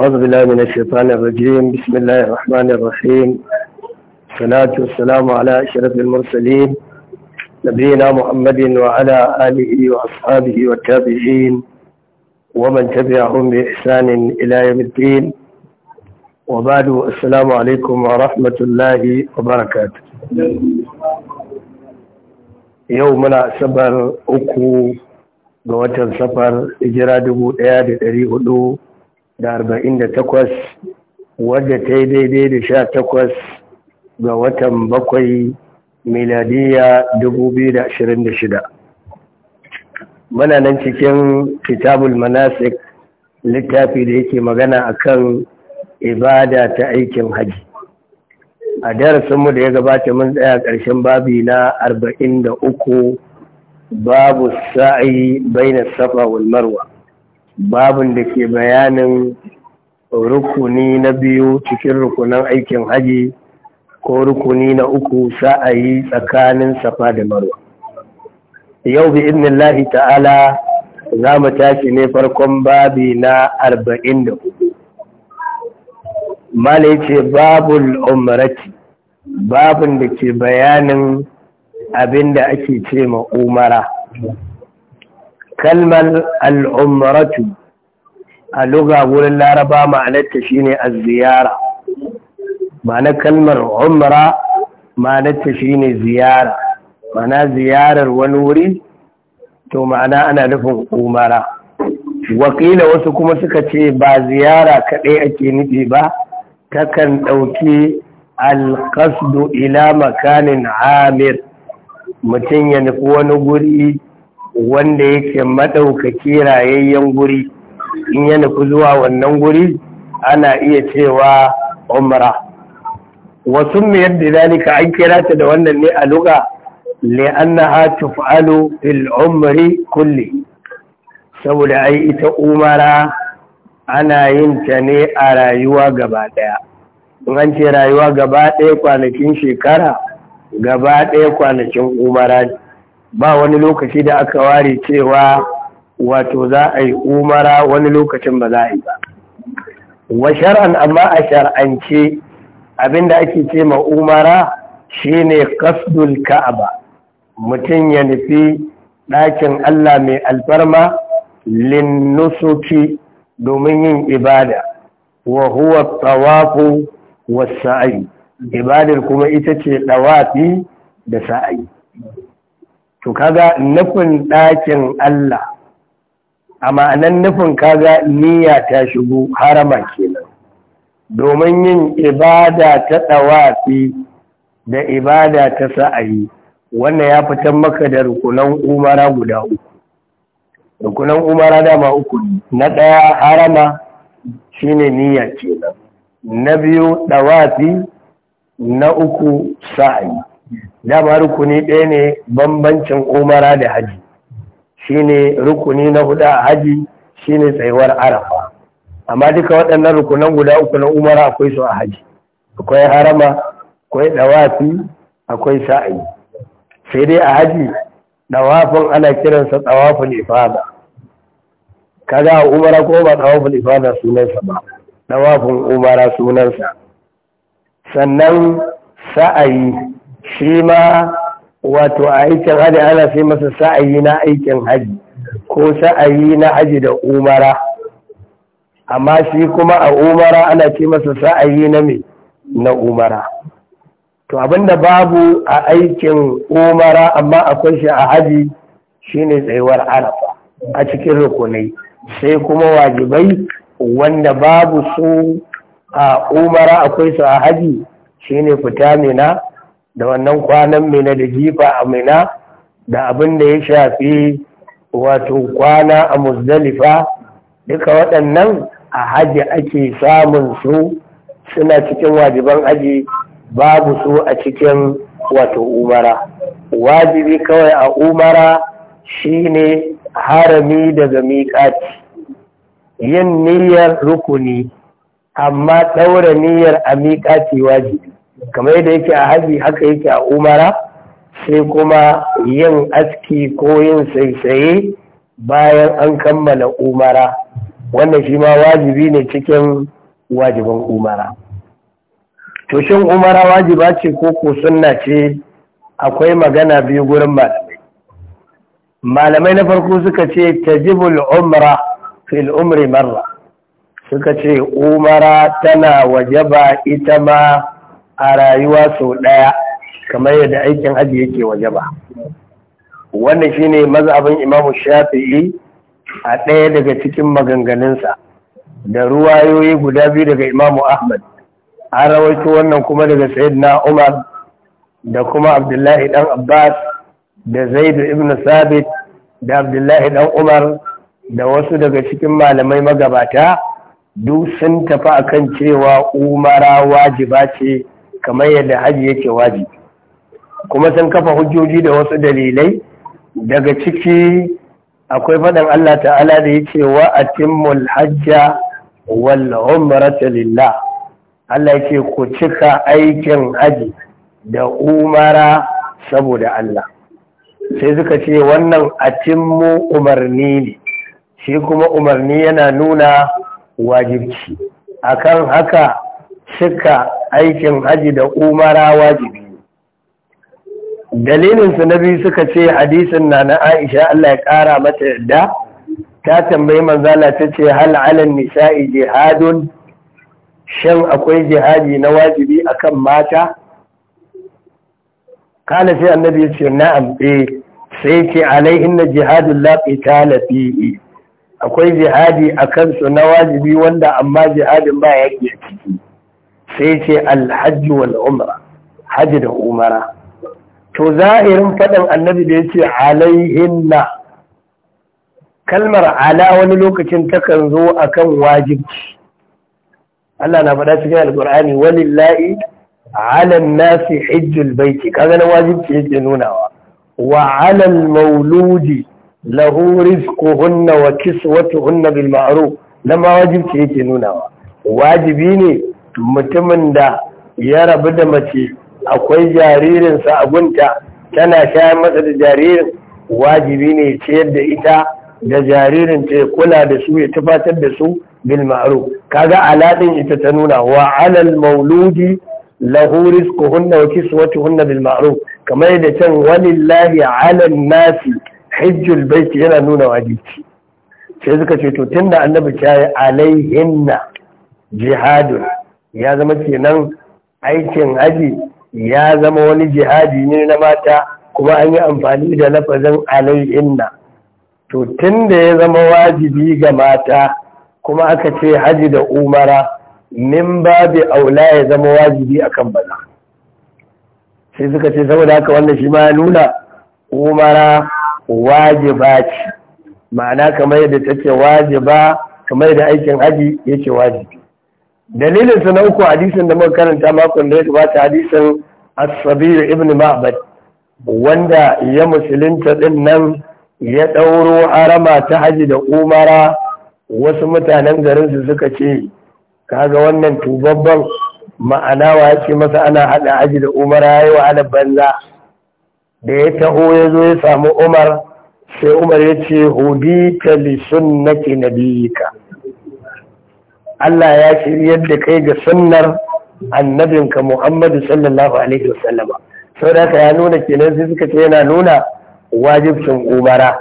أعوذ بالله من الشيطان الرجيم بسم الله الرحمن الرحيم الصلاة والسلام على أشرف المرسلين نبينا محمد وعلى آله وأصحابه والتابعين ومن تبعهم بإحسان إلى يوم الدين وبعد السلام عليكم ورحمة الله وبركاته يومنا سبر أكو ga سفر إجراد hijira dubu da arba'in da takwas wadda ta yi daidai da sha takwas ga watan bakwai miladiya dubu biyu da ashirin da shida muna nan cikin kitabul manasik littafi da yake magana a kan ibada ta aikin haji a mu da ya gabata mun tsaya ƙarshen babi na arba'in da uku babu sa'ayi bai na safa wal babin da ke bayanin rukuni na biyu cikin rukunan aikin haji ko rukuni na uku sa'ayi tsakanin safa da marwa yau bi idnillahi ta'ala za mu tashi ne farkon babi na arba'in da hudu mala ce babul umarati babin da ke bayanin abin da ake ce ma umara kalmar al'ummaratu a luga wurin laraba ma'anarta ne a ziyara ma'anar kalmar umra ma'anarta ne ziyara ma'ana ziyarar wani wuri to ma'ana ana nufin umara wakila wasu kuma suka ce ba ziyara kaɗai ake nufi ba takan ɗauki alƙasdu ila makanin amir mutum ya nufi wani guri wanda yake maɗaukaki rayayyen guri in ya nufi zuwa wannan guri ana iya cewa umra wasu mai yadda zalika an kira ta da wannan ne a luga li'annaha tuf'alu fil umri kulli saboda ai ita umara ana yin ta ne a rayuwa gaba daya in an ce rayuwa gaba daya kwanakin shekara gaba daya kwanakin umara ne ba wani lokaci da aka ware cewa wato za a yi umara wani lokacin ba za a yi ba wa shar'an amma a shar'ance abinda ake ce ma umara shine qasdul ka'aba mutum ya nufi ɗakin Allah mai alfarma linnusuki domin yin ibada wa huwa tawafu was sa'i ibadar kuma ita ce ɗawafi da sa'i to kaga nufin ɗakin Allah a ma'anan nufin kaga niyya ta shigo harama kenan domin yin ibada ta ɗawafi da ibada ta sa'ayi wannan ya fitan maka da rukunan umara guda uku rukunan umara dama uku na ɗaya harama shine niyya kenan na biyu ɗawafi na uku sa'ayi ba rukuni ɗaya ne bambancin umara da haji shine rukuni na huda a haji shine tsayuwar arafa amma duka waɗannan rukunan guda uku na umara akwai su a haji akwai harama akwai dawafi akwai sa'ayi sai dai a haji dawafin ana kiransa dawafin ifada kaga a umara ko ba dawafin ifada sunansa ba dawafin umara sunansa sannan sa'ayi shi ma wato a aikin hajji ana sai masa sa'ayi na aikin hajji ko sa'ayi na hajji da umara amma shi kuma a umara ana ce masa sa'ayi na mai na umara to abinda babu a aikin umara amma akwai shi a hajji shine tsayuwar arafa a cikin rukunai sai kuma wajibai wanda babu su a umara akwai su a hajji shine fita mina da wannan kwanan mina da jifa a Minna, da abin da ya shafi wato kwana a muzdalifa duka waɗannan a hajji ake samun su suna cikin wajiban aji babu su a cikin wato umara wajibi kawai a umara shine harami daga miƙaci, yin niyyar rukuni amma ɗaura niyyar a miƙaci wajibi kamar yadda yake a haji haka yake a umara sai kuma yin aski ko yin saisaye bayan an kammala umara wannan shi ma wajibi ne cikin wajiban umara to shin umara wajiba ce ko ko sunna ce akwai magana biyu gurin malamai malamai na farko suka ce tajibul umra fil umri marra suka ce umara tana wajaba ita ma a rayuwa sau ɗaya kamar yadda aikin haji yake waje ba wannan shine abin imamu shafi'i a ɗaya daga cikin maganganunsa da ruwayoyi guda biyu daga imamu ahmad an rawaito wannan kuma daga sayyidina umar da kuma abdullahi dan abbas da zaidu ibn sabit da abdullahi ɗan umar da wasu daga cikin malamai magabata duk sun tafi a kan cewa umara wajiba ce kamar yadda hajji yake wajibi kuma sun kafa hujjoji da wasu dalilai daga ciki akwai faɗin Allah ta'ala da yake wa atimmul hajja wal umrata lillah Allah yake ku cika aikin haji da umara saboda Allah sai suka ce wannan atimmu umarni ne shi kuma umarni yana nuna wajibci akan haka cika aikin haji da umara wajibi dalilinsu na biyu suka ce hadisin na na aisha Allah ya kara mata yadda ta tambayi manzala ta ce hal alan nisa'i jihadun shan akwai jihadi na wajibi akan mata kala sai annabi ya ce na'am eh sai ce alaihin na jihadun laɓi talafi akwai jihadi a kansu na wajibi wanda amma jihadin ba ya ciki sai ce alhaji wal umra haji da umara to zahirin faɗin annabi da ya ce alaihinna kalmar ala wani lokacin takan zo akan wajibci Allah na faɗa cikin alƙur'ani walillahi alan nasi hijjul baiti kaga wajibci yake nunawa wa alal mauludi lahu rizquhunna wa kiswatuhunna bil ma'ruf nan ma wajibci yake nunawa wajibi ne mutumin da ya rabu da mace akwai jaririnsa a gunta tana shayar masa da jaririn wajibi ne ciyar da ita da jaririn ta kula da su ya tufatar da su bil ma'ruf kaga aladin ita ta nuna wa alal mauludi lahu rizquhunna wa kiswatuhunna bil ma'ruf kamar yadda can walillahi ala nasi hajjul yana nuna wajibi sai suka ce to tunda annabi ta yi alaihinna jihadun ya zama kenan aikin haji ya zama wani jihadi ne na mata kuma an yi amfani da lafazin alaihinna to tun da ya zama wajibi ga mata kuma aka ce haji da umara min babi aula ya zama wajibi akan baza sai suka ce saboda haka wannan shi ma nuna umara wajiba ce ma'ana kamar yadda take wajiba kamar yadda aikin haji yake wajibi dalilin sa na uku hadisin da muka karanta makon da ya gabata hadisin as-sabir ibn ma'bad wanda ya musulunta din nan ya ɗauro arama ta haji da umara wasu mutanen garinsu suka ce kaga wannan tubabban ma'ana wa ya masa ana haɗa haji da umara ya yi wa banza da ya taho ya zo ya samu umar sai umar ya ce hudi ka li sunnati nabiyika Allah ya shiryar da kai ga sunnar annabinka Muhammadu sallallahu alaihi wasallama sau da ya nuna kenan sai suka ce yana nuna wajibcin umara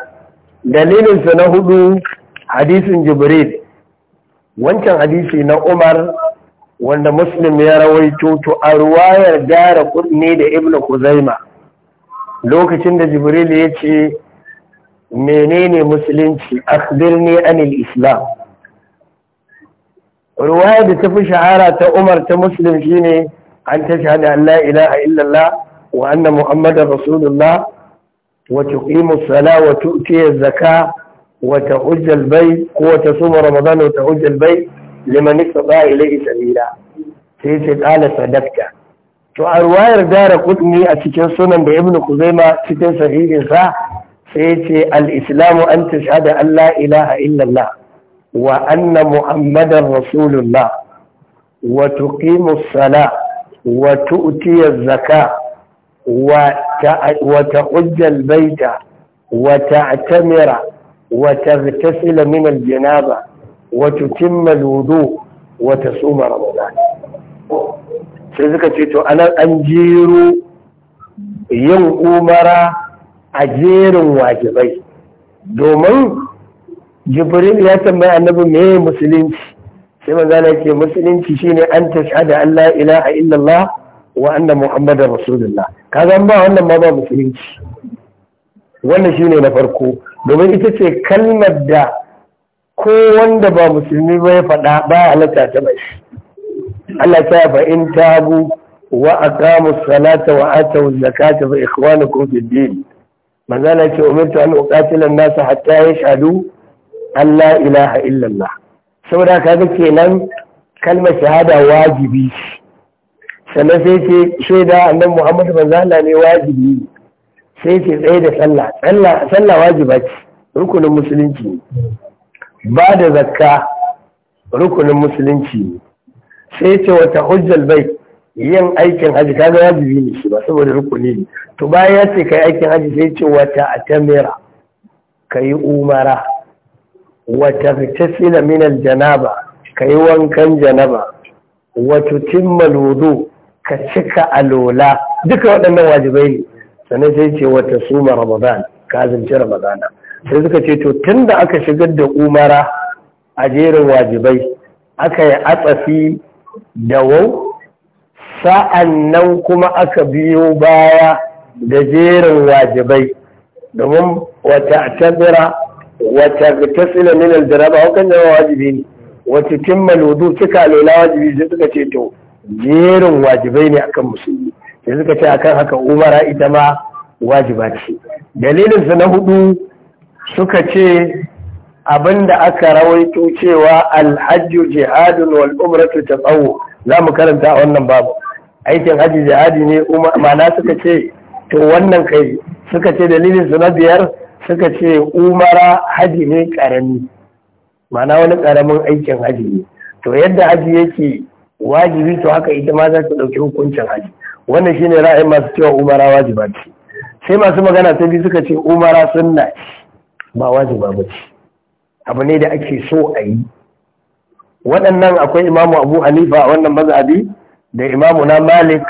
dalilinsa na hudu hadisin jibril wancan hadisi na umar wanda muslim ya rawaito to a ruwayar dara kudne da ibn kuzaima lokacin da jibril ya ce menene musulunci akhbirni anil islam ruwaya da tafi shahara ta umar ta muslim shine an ta shahada Allah, la ilaha illallah wa anna muhammadar rasulullah wa tuqimu sala wa tu'ti Zaka, wa tahujja al-bayt ko ta suma ramadan wa tahujja al-bayt liman istata ilayhi sabila sai ce qala sadaqta to a ruwayar dara kudni a cikin sunan da ibnu kuzaima cikin sahihinsa sai ce al-islamu an tashhada an Allah, ilaha illallah وأن محمد رسول الله وتقيم الصلاة وتؤتي الزكاة وتحج البيت وتعتمر وتغتسل من الجنابة وتتم الوضوء وتصوم رمضان سيزكا تيتو أنا أنجير يوم an أجير واجبي دومين jibril ya tambaya annabi me musulunci sai manzala yake musulunci shine an tashhada an la ilaha illallah wa anna muhammadar rasulullah kaga ba wannan ma ba musulunci wannan shine na farko domin ita ce kalmar da ko wanda ba musulmi ba ya faɗa ba ya halatta ta mai Allah ta fa in tabu wa aqamu salata wa atu zakata fa ikhwanukum fid din manzala ce umirtu an uqatila an nasa hatta yashhadu Allah ilaha illallah saboda kaga kenan kalmar shahada wajibi sannan sai ce shaida annabi Muhammadu manzo ne wajibi sai ce tsaye da sallah sallah sallah wajiba ce rukunin musulunci ne ba da zakka rukunin musulunci ne sai ce wata hujjal bai yin aikin haji kaga wajibi ne shi ba saboda rukuni ne to bayan ya ce kai aikin haji sai ce wata atamira kai umara wata tasila minal janaba ka yi wankan janaba wata timmal wudu ka cika alola duka waɗannan wajibai ne sai ce wata suma ramadan ka azumci ramadana sai suka ce to tun da aka shigar da umara a jerin wajibai aka yi atsafi da wau sa'an nan kuma aka biyo baya da jerin wajibai domin wata tabira wata tasila min aljaraba hakan zama wajibi ne wata timmal wudu cika lola wajibi sai suka ce to jerin wajibai ne akan musulmi sai suka ce akan haka umara ita ma wajiba ce dalilin na hudu suka ce abinda aka rawaito cewa alhajju jihadun wal umratu tatawu za mu karanta a wannan babu aikin hajji jihadi ne mana suka ce to wannan kai suka ce dalilin na biyar suka ce umara haji ne karami mana wani karamin aikin haji ne to yadda haji yake wajibi to haka ita ma za ta ɗauki hukuncin haji wannan shine ra'ayin masu cewa umara wajiba ce sai masu magana ta biyu suka ce umara sunna ba wajiba ba ce abu ne da ake so a yi waɗannan akwai imamu abu hanifa a wannan mazhabi da imamu na malik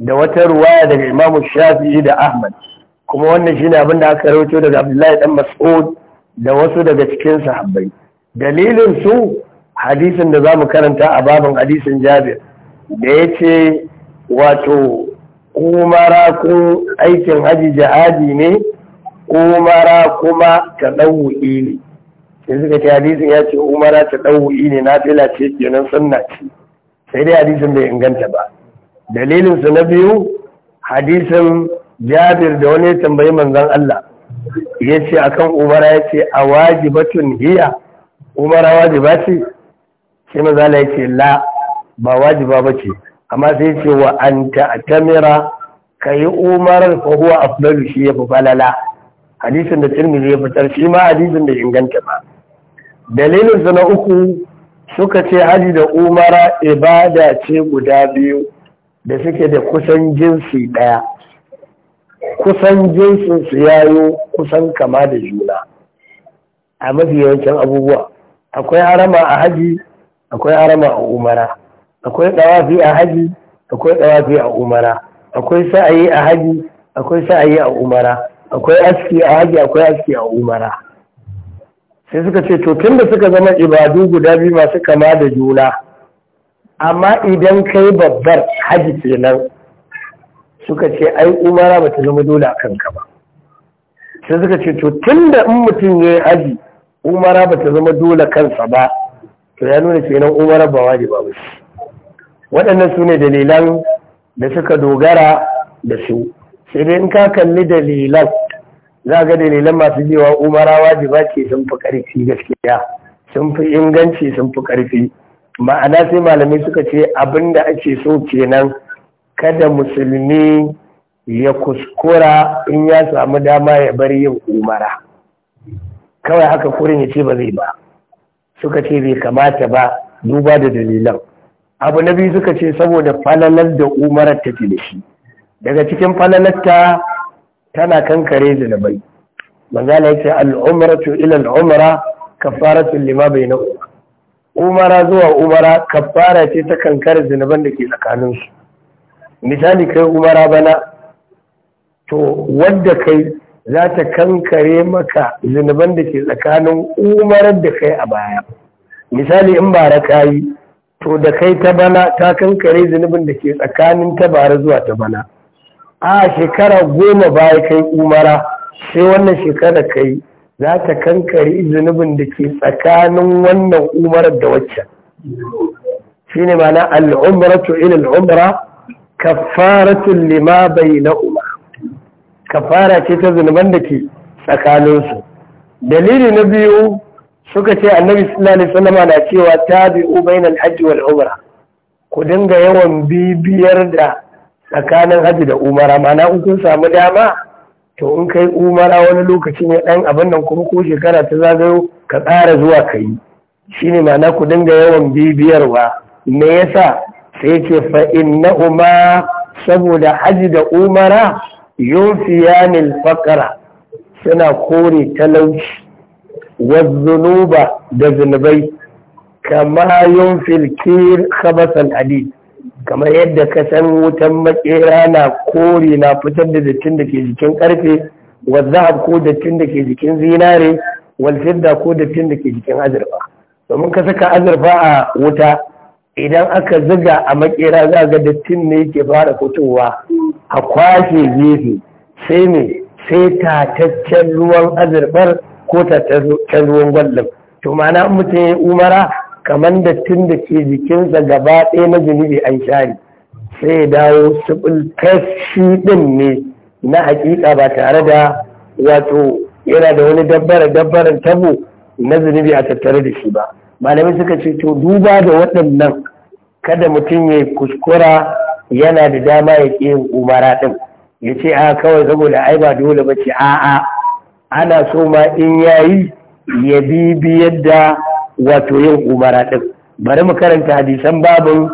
da wata ruwaya daga imamu Shafi da ahmad kuma wannan shine abin da aka rawaito daga Abdullahi dan Mas'ud da wasu daga cikin sahabbai dalilin su hadisin da zamu karanta a babin hadisin Jabir da ce wato umara kun aikin haji jihadi ne umara kuma ta ɗauwu'i ne sai suka ce hadisin ya ce umara ta ɗauwu'i ne na fila ce kenan sunna ce sai dai hadisin bai inganta ba dalilinsu na biyu hadisin jabir da wani tambayi manzan Allah ya ce a kan umara ya ce a wajibatun hiya umara wajiba ce sai mazala ya ce la ba wajiba ba ce amma sai ce wa an ta'tamira ka yi umarar fahuwa huwa afdalu shi ya fi falala hadisin da tirmidhi ya fitar shi ma hadisin da inganta ba dalilin na uku suka ce haji da umara ibada ce guda biyu da suke da kusan jinsi ɗaya kusan jinsin su yayo kusan kama da juna a mafi yawancin abubuwa akwai harama a haji akwai harama a umara akwai dawafi a haji akwai dawafi a umara akwai sa'ayi a haji akwai sa'ayi a umara akwai aski a haji akwai aski a umara sai suka ce to tunda suka zama ibadu guda biyu masu kama da juna amma idan kai babbar haji kenan suka ce ai umara ba ta zama dole a kanka ba sai suka ce to tun da in mutum ya yi haji umara ba ta zama dole kansa ba to ya nuna kenan umara ba waje ba wasu waɗannan su ne dalilan da suka dogara da su sai dai in ka kalli dalilan za ga dalilan masu jewa umara ba ce sun fi ƙarfi gaskiya sun fi inganci sun fi ƙarfi ma'ana sai malamai suka ce abin da ake so kenan kada musulmi ya kuskura in ya samu dama ya bar yin umara kawai haka kurin ya ce ba zai ba suka ce bai kamata ba duba da dalilan abu na biyu suka ce saboda falalar da umarar ta da shi daga cikin falalarta tana kankare da bai manzala ya ce al'umaratu ka fara kafaratun lima bai na umara zuwa umara kafara ce ta kankare zunuban da ke tsakaninsu misali kai umara bana to wadda kai za ta kankare maka zunuban da ke tsakanin umarar da kai a baya misali in bara ka yi to da kai ta bana ta kankare zunubin da ke tsakanin ta bara zuwa ta bana a shekara goma baya kai umara sai wannan shekara kai za ta kankare zunubin da ke tsakanin wannan umarar da waccan shine ma'ana al'umratu ila al'umra kafaratun lima bai na kafara ce ta zunuban da ke tsakaninsu dalili na biyu suka ce annabi sallallahu alaihi na cewa ta bi bainal hajji wal umra ku dinga yawan bibiyar da tsakanin hajji da umara mana in kun samu dama to in kai umara wani lokaci ne ɗan abin nan kuma ko shekara ta zagayo ka tsara zuwa kai shine mana ku dinga yawan bibiyarwa me yasa sai ce fa'in na umar saboda haji da umara yunfiyanil fakara suna kore talauci wazunuba da zunubai kama yun filkir khabasan adi, kamar yadda ka san wutan makera na kore na fitar da dattin da ke jikin karfe wa ko dattin da ke jikin zinare wal ko dattin da ke jikin azurfa domin ka saka azurfa a wuta idan aka ziga a makera za ga dattin ne yake fara fitowa a kwashe gefe sai ne, sai tataccen ruwan azurbar ko tataccen ruwan gwallon to mana mutum ya umara kamar dattin da ke jikinsa gaba ɗaya na zunubi an share sai dawo subul shi ɗin ne na hakika ba tare da wato yana da wani dabbara dabbaran tabo na zunubi a tattare da shi ba malamai suka ce to duba da waɗannan kada mutum ya kuskura yana da dama ya ƙi yin umara ɗin ya ce a kawai saboda ai ba dole ba ce a'a ana so ma in yayi ya bibi da wato yin umara ɗin bari mu karanta hadisan babin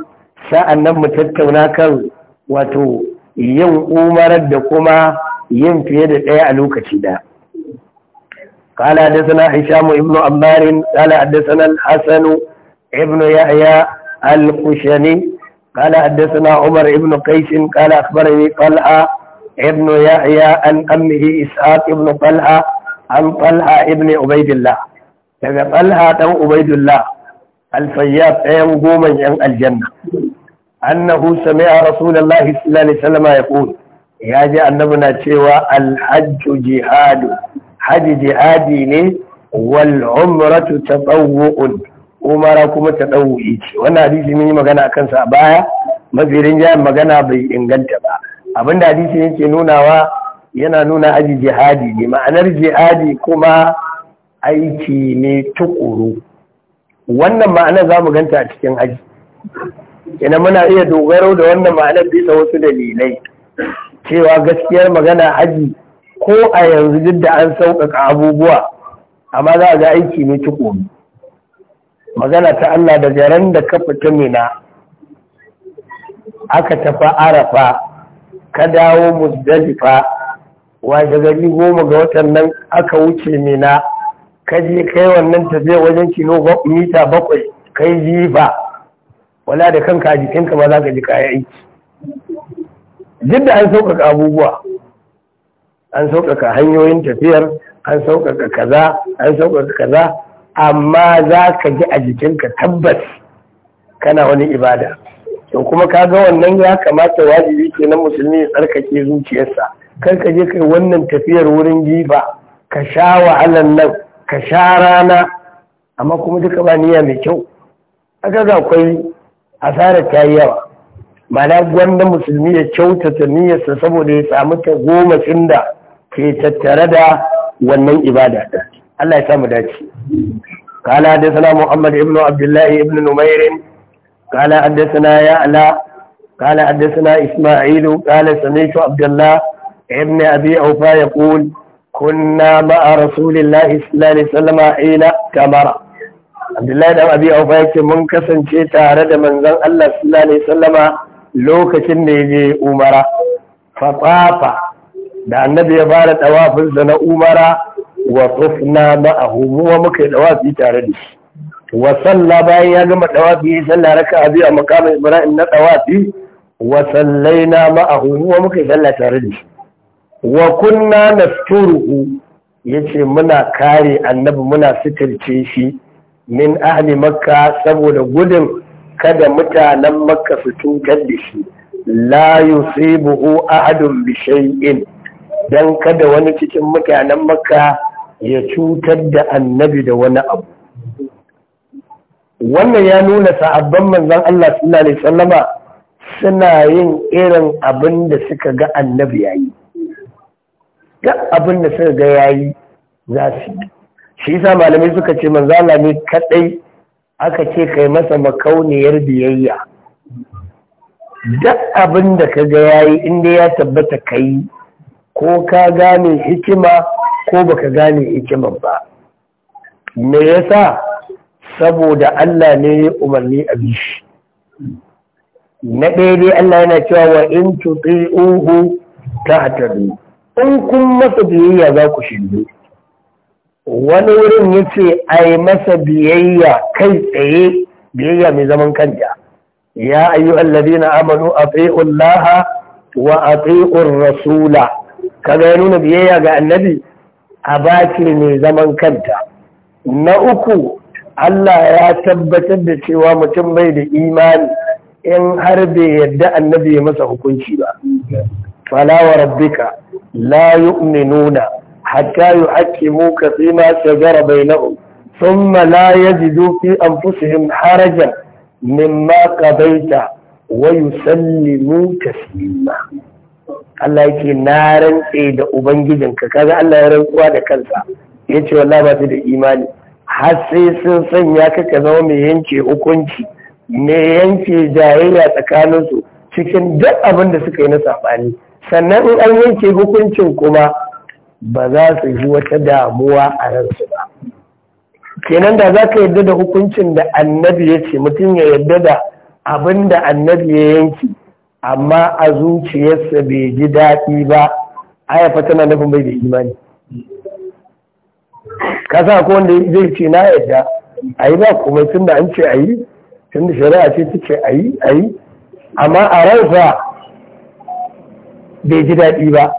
sa'an nan mu tattauna kan wato yin umarar da kuma yin fiye da ɗaya a lokaci da قال حدثنا هشام ابن عمار قال حدثنا الحسن ابن يحيى الخشني قال حدثنا عمر بن قيس قال أخبرني طلحة ابن يحيى عن أمه إسحاق بن طلحة عن طلحة ابن عبيد الله كذا طلحة أو عبيد الله الفياب أيام قوما الجنة أنه سمع رسول الله صلى الله عليه وسلم يقول ya ji annabuna cewa alhajju jihadu haji jihadi ne wal umratu tatawwu'un umara kuma ta ɗau ce wannan hadisi mun yi magana a kansa a baya mazirin jihar magana bai inganta ba abin da hadisi yake nunawa yana nuna aji jihadi ne ma'anar jihadi kuma aiki ne tukuru wannan ma'anar za mu ganta a cikin aji ina muna iya dogaro da wannan ma'anar bisa wasu dalilai cewa gaskiyar magana aji ko a yanzu duk da an sauƙaƙa abubuwa amma za a ga aiki ne tukuru magana ta Allah da garan da ka fita mina aka tafa arafa ka dawo muzdalifa washe gari goma ga watan nan aka wuce mina ka je kai wannan tafiya wajen kilo mita bakwai kai jifa wala da kanka a jikinka ba za ka ji kayan aiki duk da an sauƙaƙa abubuwa an sauƙaƙa hanyoyin tafiyar an sauƙaƙa kaza an sauƙaƙa kaza amma za ka ji a jikinka tabbas kana wani ibada to kuma ka ga wannan ya kamata wajibi ke na musulmi ya tsarkake zuciyarsa kar ka je kai wannan tafiyar wurin jifa ka sha wahalan nan ka sha rana amma kuma duka ba niyya mai kyau aka ga akwai asarar ta yi yawa mana gwanda musulmi ya kyautata niyyarsa saboda ya samu ta goma da ke tattare da wannan ibada ɗin Allah ya samu dace. Kala da suna Muhammad ibn Abdullahi ibn Numairin, kala da suna ya ala, kala da suna Ismailu, kala sami ibn Abi Aufa ya kuli, kuna ma'a Rasulullahi Sallallahu Alaihi Wasallam kamara. Abdullahi da Abi Aufa ce mun kasance tare da manzon Allah Sallallahu lokacin da ya je Umara. Fafafa da annabi ya fara tawafinsa na Umara. wa tufna ma'ahu mu ma muka yi dawafi tare da shi wa salla bayan ya gama dawafi ya salla a biyu a makamin ibrahim na dawafi wa sallaina ma'ahu mu ma muka yi salla tare da shi wa kunna nasturuhu yace muna kare annabi muna sitirce shi min ahli makka saboda gudun kada mutanen makka su tunkar da shi la yusibuhu ahadun bi shay'in dan kada wani cikin mutanen makka ya cutar da annabi da wani abu wannan ya nuna sa'abban manzan Allah na ne sallama suna yin irin abin da suka ga annabi ya yi ga abin da suka ga ya yi za su yi shi yasa malamai suka ce manzan Allah ne kaɗai aka ce kai masa makauniyar biyayya duk abin da ka ga ya yi inda ya tabbata ka yi ko ka gane hikima ko baka gane hikimar ba me yasa saboda Allah ne ya umarni a bishi na ɗaya dai Allah yana cewa wa in tuti'uhu hatari in kun masa biyayya za ku shirye wani wurin yace ai masa biyayya kai tsaye biyayya mai zaman kanta ya ayyuhal ladina amanu ati'u laha wa ati'u rasula kaga ya nuna biyayya ga annabi Abatir mai zaman kanta na uku Allah ya tabbatar da cewa mutum bai da imani in har bai yadda annabi ya masa hukunci ba fala wa rabbika la yu'minuna hatta yuhaqqimuka bai shajara Sun thumma la yajidu fi anfusihim harajan mimma qadaita wa yusallimu taslima Allah ya na rantse da ubangijinka kaga Allah ya rantsuwa da kansa ya ce wallahi ba su da imani har sai sun sanya ka ka zama mai yanke hukunci mai yanke jayayya tsakaninsu cikin duk abin da suka yi na saɓani sannan in an yanke hukuncin kuma ba za su ji wata damuwa a ransu ba kenan da za ka yarda da hukuncin da annabi ya ce mutum ya yarda da abin da annabi ya yanki amma a zuciyarsa bai ji daɗi ba fata na nufin bai da imani ka sa ko wanda zai ce na yadda a yi ba kuma tun da an ce a yi tun da shari'a ce ta ce a yi a yi amma a ransa bai ji daɗi ba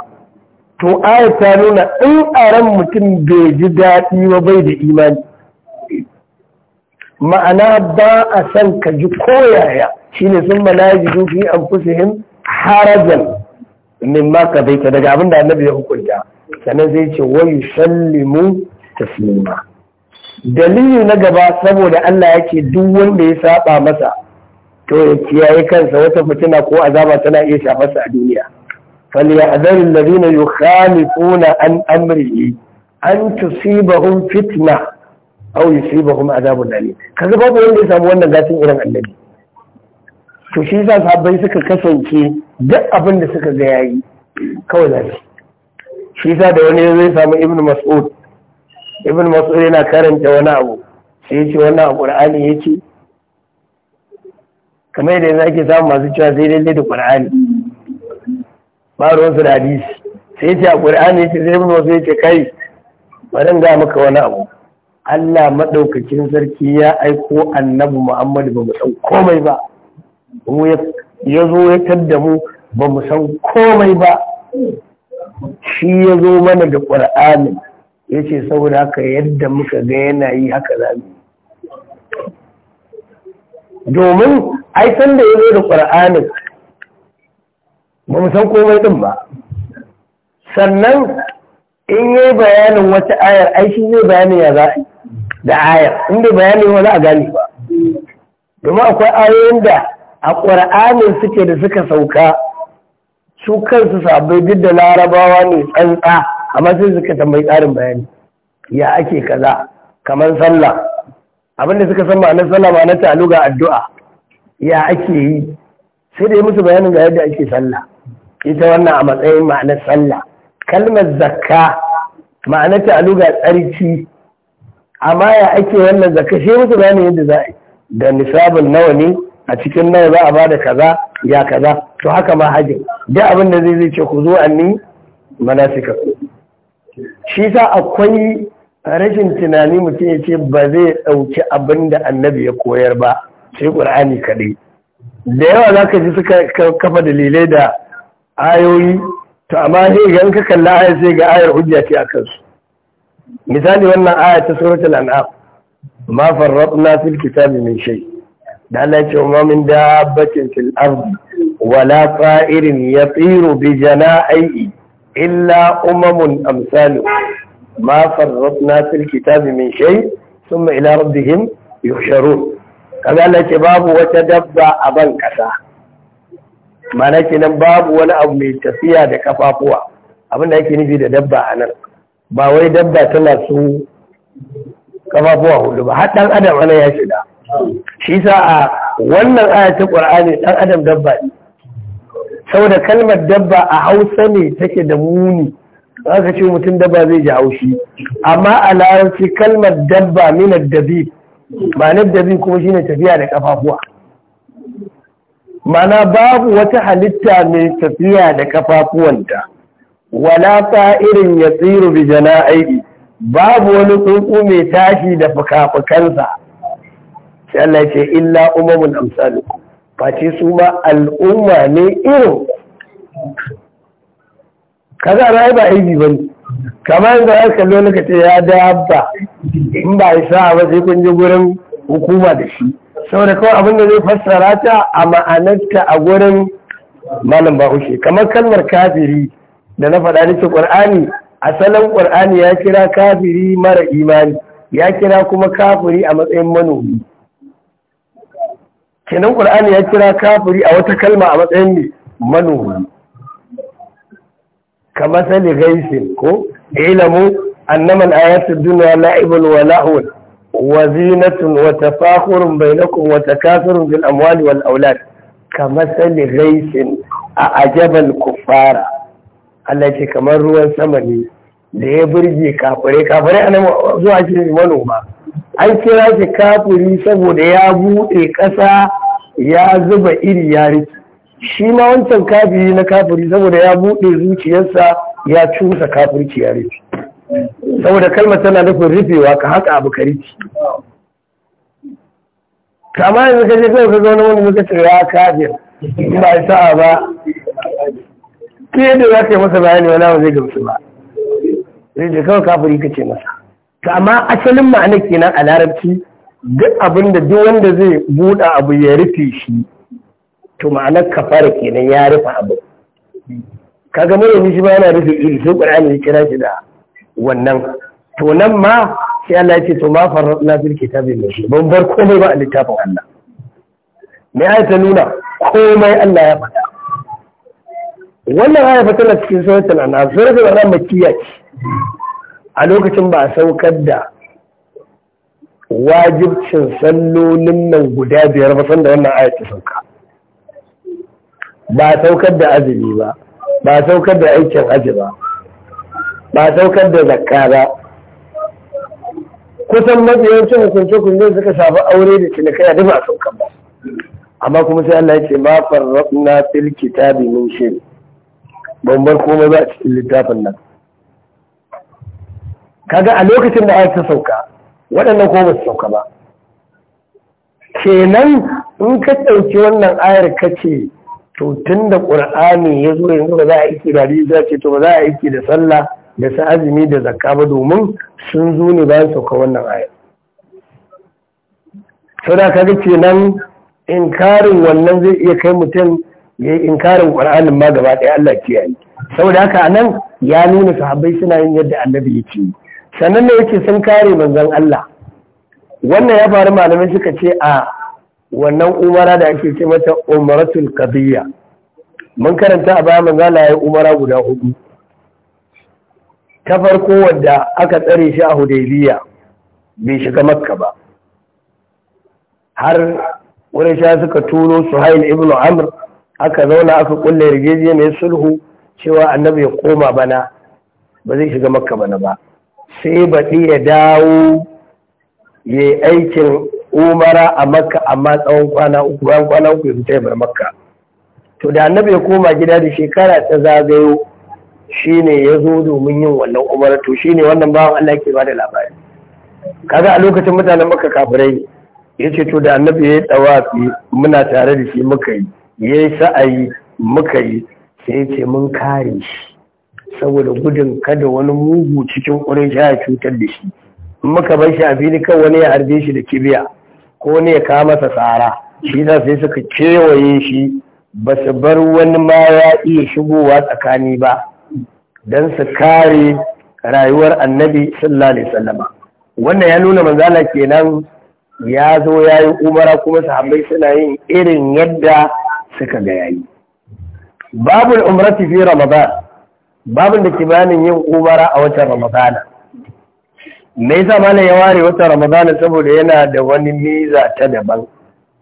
to ayat ta nuna in a ran mutum bai ji daɗi ba bai da imani ma'ana ba a san ka ji koyaya shine sun malayi fi anfusihim harajan mimma qadaita daga abin da annabi ya hukunta sannan zai ce wa yusallimu taslima dalili na gaba saboda Allah yake duk wanda ya saba masa to ya kiyaye kansa wata fitina ko azaba tana iya shafarsa a duniya فليحذر الذين يخالفون عن أمره أن تصيبهم فتنة أو يصيبهم عذاب أليم كذا بابا يقول لي سامو أن ذاتي إلى النبي to shi za sahabbai suka kasance duk abin da suka ga yayi kawai da shi shi da wani zai samu ibn mas'ud ibn mas'ud yana karanta wani abu sai ya ce wani a qur'ani ya ce kamar yadda za ke samu masu cewa zai daidai da Ƙur'ani. ba su da hadisi sai ya ce a qur'ani ya ce sai ibn mas'ud ya ce kai bari ga maka wani abu Allah maɗaukakin sarki ya aiko annabi Muhammadu ba mu san komai ba ya zo ya tadda mu ba mu san komai ba shi ya zo mana da ƙwar'ani ya ce saboda haka yadda muka ga yana yi haka za domin ai san da ya zo da ƙur'anin ba mu san komai ɗin ba sannan in yi bayanin wata ayar ai shi zai bayanin ya za da ayar inda bayanin wani a gane ba domin akwai ayoyin da a ƙur'anin suke da suka sauka su kansu sabai duk da larabawa ne tsantsa amma sai suka tambayi tsarin bayani ya ake kaza kamar sallah abinda suka san ma'anar sallah ma'anar talu ga addu'a ya ake yi sai da yi musu bayanin ga yadda ake sallah ita wannan a matsayin ma'anar sallah kalmar zakka ma'anar talu ga tsarki amma ya ake wannan zakka shi musu bayanin yadda za a yi da nisabin nawa ne a cikin nawa za a ba da kaza ya kaza to haka ma hajji duk abin da zai zai ce ku zo anni manasika shi sa akwai rashin tunani mutum ya ce ba zai ɗauki abin da annabi ya koyar ba sai ƙur'ani kaɗai da yawa za ka ji suka kafa dalilai da ayoyi to amma sai gan ka kalla ayar sai ga ayar hujja ce a kansu misali wannan aya ta suratul an'am ma farratna fil kitabi min shay da Allah ya ce wa min dabbatin fil ardi wala ta'irin yatiru illa umamun amsalu ma farratna fil kitabi min shay thumma ila rabbihim yuhsharun kaga Allah ce babu wata dabba a ban kasa mana nan babu wani abu mai tafiya da kafafuwa abin da yake nufi da dabba a nan ba wai dabba tana su kafafuwa hudu ba har ɗan adam ana ya shiga shi sa a wannan ayatun ƙwar'ani ɗan adam dabba ne saboda kalmar dabba a hausa ne take da muni ka ce mutum dabba zai ji haushi amma a larabci kalmar dabba minar dabi na dabi kuma shine tafiya da kafafuwa mana babu wata halitta mai tafiya da kafafuwanta wala ta irin ya tsiru bi aiki babu wani tsuntsu mai tashi da fuka-fukansa sai Allah ya ce illa umamun amsalukum face su ma al'umma ne irin kaza ra'ayi ba aibi bane kamar da aka kallo naka ce ya dabba in ba isa ba sai kun je gurin hukuma da shi saboda kawai abin da zai fassara ta a ma'anarta a gurin malam bahaushe kamar kalmar kafiri da na faɗa nake ƙur'ani asalin ƙur'ani ya kira kafiri mara imani ya kira kuma kafiri a matsayin manomi kenan ƙul'ani ya kira kafiri a wata kalma a matsayin ne Manoma, ka matsali gaisin ko ilamu Annaman al-ayatu dunya la'ibun wa la'ul wa zinatun wa tafakhurun bainakum wa takathurun bil amwali wal aulad kamar sali gaisin a ajabal kufara Allah ce kamar ruwan sama ne da ya burge kafare kafare a nan zuwa shi manoma an kira shi kafiri saboda ya buɗe ƙasa ya zuba iri ya riki shi ma wancan kafiri na kafiri saboda ya buɗe zuciyarsa ya cusa kafirci ya riki saboda kalmar tana nufin rufewa ka haka abu ka riki kama yanzu ka je kawai ka zaune wani muka ce ya kafir ba sa'a ba ke da za ka yi masa bayani wani abu zai gamsu ba zai je kawai kafiri ka ce masa amma asalin ma'ana kenan a larabci duk abin da duk wanda zai buɗa abu ya rufe shi to ma'anar kafara kenan ya rufe abu kaga mai yanzu shi ba yana rufe ilu sai qur'ani ya kira shi da wannan to nan ma sai Allah ya ce to ma farradna fil kitabi min shi ban bar komai ba a littafin Allah me ayat ta nuna komai Allah ya faɗa wannan ayat tana cikin suratul an'am suratul an'am makkiya ce a lokacin ba a saukar da wajibcin sallolin nan guda biyar ba sanda wannan ayat ta sauka ba a saukar da azumi ba ba a saukar da aikin aji ba ba a saukar da zakka ba kusan matsayancin hukunce hukunce suka shafi aure da cinikaya da ba a saukar ba amma kuma sai Allah ya ce ma farrafna fil kitabi min shiri ban bar komai ba a cikin littafin nan kaga a lokacin da ayat ta sauka waɗannan ko ba su sauka ba kenan in ka ɗauki wannan ayar ka ce to tun da ƙur'ani ya zo yanzu ba za a iki da riza ce to ba za a iki da sallah da sa azumi da zakka ba domin sun zo ne bayan sauka wannan ayar Sau da kaga kenan inkarin wannan zai iya kai mutum ya yi inkarin ƙur'anin ma gaba ɗaya Allah kiyaye saboda haka anan ya nuna sahabbai suna yin yadda annabi ya ce sannan ne yake sun kare manzon Allah wannan ya faru malamai suka ce a wannan umara da ake ce mata umaratul qadiyya mun karanta a baya manzon Allah ya umara guda hudu ta farko wadda aka tsare shi a Hudaybiya bai shiga Makka ba har wurin sha suka turo Suhail ibn Amr aka zauna aka kulle mai sulhu cewa annabi ya koma bana ba zai shiga Makka bana ba sai baɗi ya dawo ya aikin umara a makka amma tsawon kwana uku bayan kwana uku ya fita bar makka to da annabi ya koma gida da shekara ta zagayo shine ya zo domin yin wannan umara to shine wannan bawan Allah ke bada labari kaga a lokacin mutanen makka kafirai ne ce to da annabi ya tsawafi muna tare da shi muka yi ya yi sa'ayi muka yi sai ce mun kare shi saboda gudun kada wani mugu cikin ƙurin sha ya cutar da shi in muka bar shi a fili kan wani ya harbe shi da kibiya ko wani ya kawo masa tsara shi za sai suka kewaye shi ba su bar wani ma ya iya shigowa tsakani ba don su kare rayuwar annabi sallallahu alaihi wannan ya nuna manzala kenan ya zo ya yi umara kuma su sahabbai suna yin irin yadda suka ga yayi babul umrati fi ramadan babin da kimanin yin ubara a watan ramadana mai samanin ya ware watan ramadana saboda yana da wani miza ta daban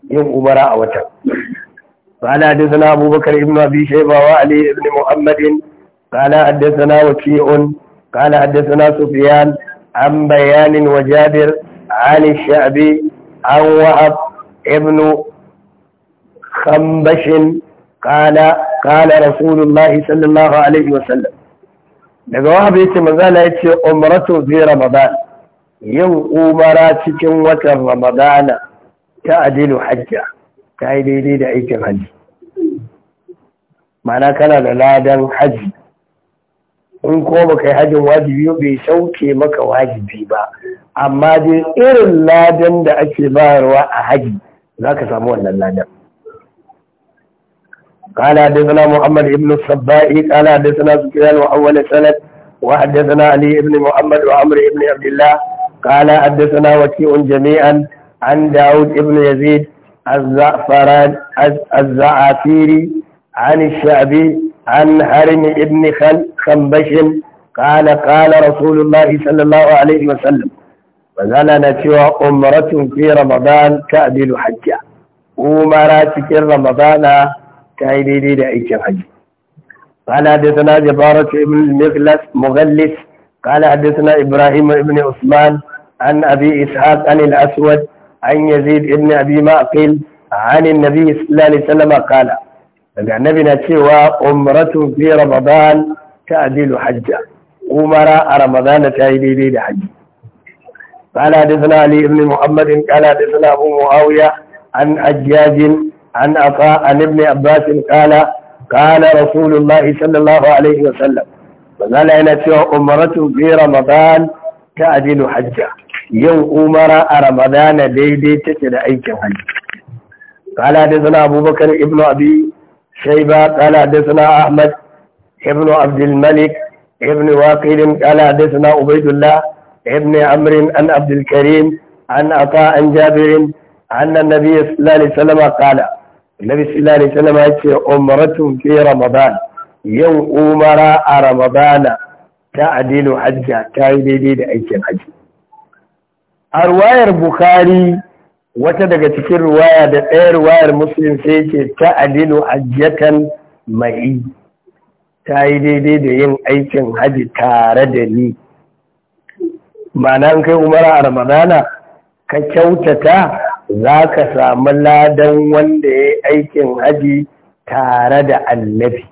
yin ubara a watan ƙala haddasa abubakar ibn abi shaibawa ali ibn muhammadin ƙala haddasa na wakil ƙala haddasa na sufiyan an bayanin wa jabir Ali, sha'abi an wa'ab ibn khambashin ƙala قال رسول الله صلى الله عليه وسلم daga wahab yace manzala yace umratu fi ramadan yin umara cikin watan ramadana ta adilu hajja ta yi daidai da aikin hajji mana kana da ladan hajji in ko baka yi hajjin wajibi bai sauke maka wajibi ba amma dai irin ladan da ake bayarwa a hajji za ka samu wannan ladan قال حدثنا محمد بن الصبائي قال حدثنا سفيان وأول سند وحدثنا علي بن محمد وعمرو بن عبد الله قال حدثنا وكيء جميعا عن داود بن يزيد الزعفران الزعافيري عن الشعبي عن حرم بن خنبش قال قال رسول الله صلى الله عليه وسلم وزلنا سوى أمرة في رمضان تأدل حجة أمرات في رمضان تاي دي دي دي حج قال حدثنا جبارة بن المغلس مغلس قال حدثنا إبراهيم بن عثمان عن أبي إسحاق عن الأسود عن يزيد بن أبي معقل عن النبي صلى الله عليه وسلم قال daga annabi na cewa في رمضان ramadan حجة hajja رمضان a ramadana حج قال حدثنا علي بن محمد قال حدثنا ابو معاويه عن أجاج عن عطاء عن ابن عباس قال قال رسول الله صلى الله عليه وسلم وقال أنا سوى أمرة في رمضان تعدل حجة يوم أمر رمضان ديدي تتد أيك حج قال حدثنا أبو بكر ابن أبي شيبة قال حدثنا أحمد ابن عبد الملك ابن واقيل قال حدثنا عبيد الله ابن عمرو عن عبد الكريم عن عطاء جابر أن النبي صلى الله عليه وسلم قال Nabi sallallahu alaihi wasallam ya ce umratun fi ramadan yin umara a ramadana ta adilu hajja ta yi daidai da aikin haji a bukhari wata daga cikin ruwaya da ɗaya ruwayar muslim sai ce ta adilu hajjatan mai ta yi daidai da yin aikin haji tare da ni ma'ana kai umara a ramadana ka kyautata za ka samu ladan wanda ya aikin haji tare da annabi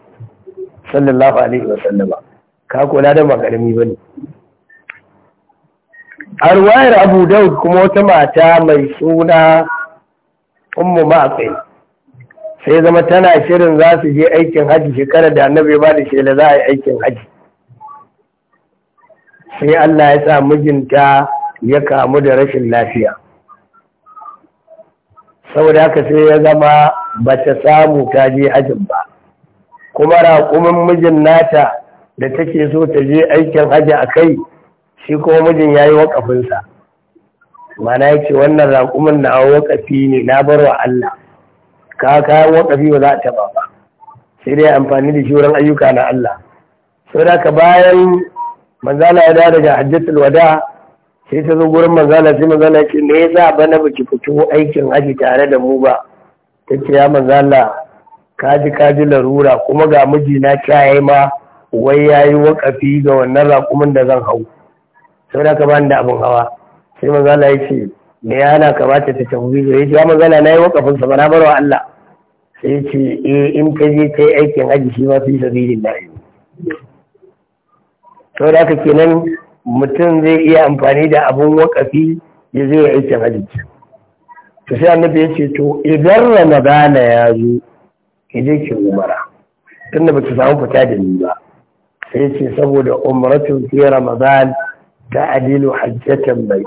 sallallahu alaihi wasallama ka ko ladan ba ba ne a abu daud kuma wata mata mai suna ummu matsayi sai zama tana shirin za su je aikin haji shekarar da annabi ba da shela za a yi aikin haji sai allah ya sa mijinta ya kamu da rashin lafiya saboda haka sai ya zama ba ta samu ta je ajin ba kuma raƙumin mijin nata da take so ta je aikin hajji a kai shi kuma mijin ya yi waƙafinsa mana ya ce wannan raƙumin na waƙafi ne na bar wa Allah ka kayan waƙafi ba za a taɓa ba sai dai amfani da shi ayyuka na Allah saboda haka bayan manzala ya dawo daga hajjatul wada sai ta zo gurin manzana sai manzana ce me yasa bana baki fito aikin haji tare da mu ba ta ce ya ji kaji kaji larura kuma ga mijina kyaye ma wai yayi wakafi ga wannan raƙumin da zan hau sai da ka bani da abin hawa sai manzana ya ce me yana kamata ta tafi ya ce ya manzana na yi wakafin sa ba na barwa Allah sai ce eh in ta je ta yi aikin haji shi ma fi sabilillah to da haka kenan mutum zai iya amfani da abin wakafi ya zai yi aikin hajji to sai annabi ya ce to idan ramadana ya zo ki je ki umara da baki samu fita da ni ba sai ce saboda umratun fi ramadan ta adilu hajjatan bai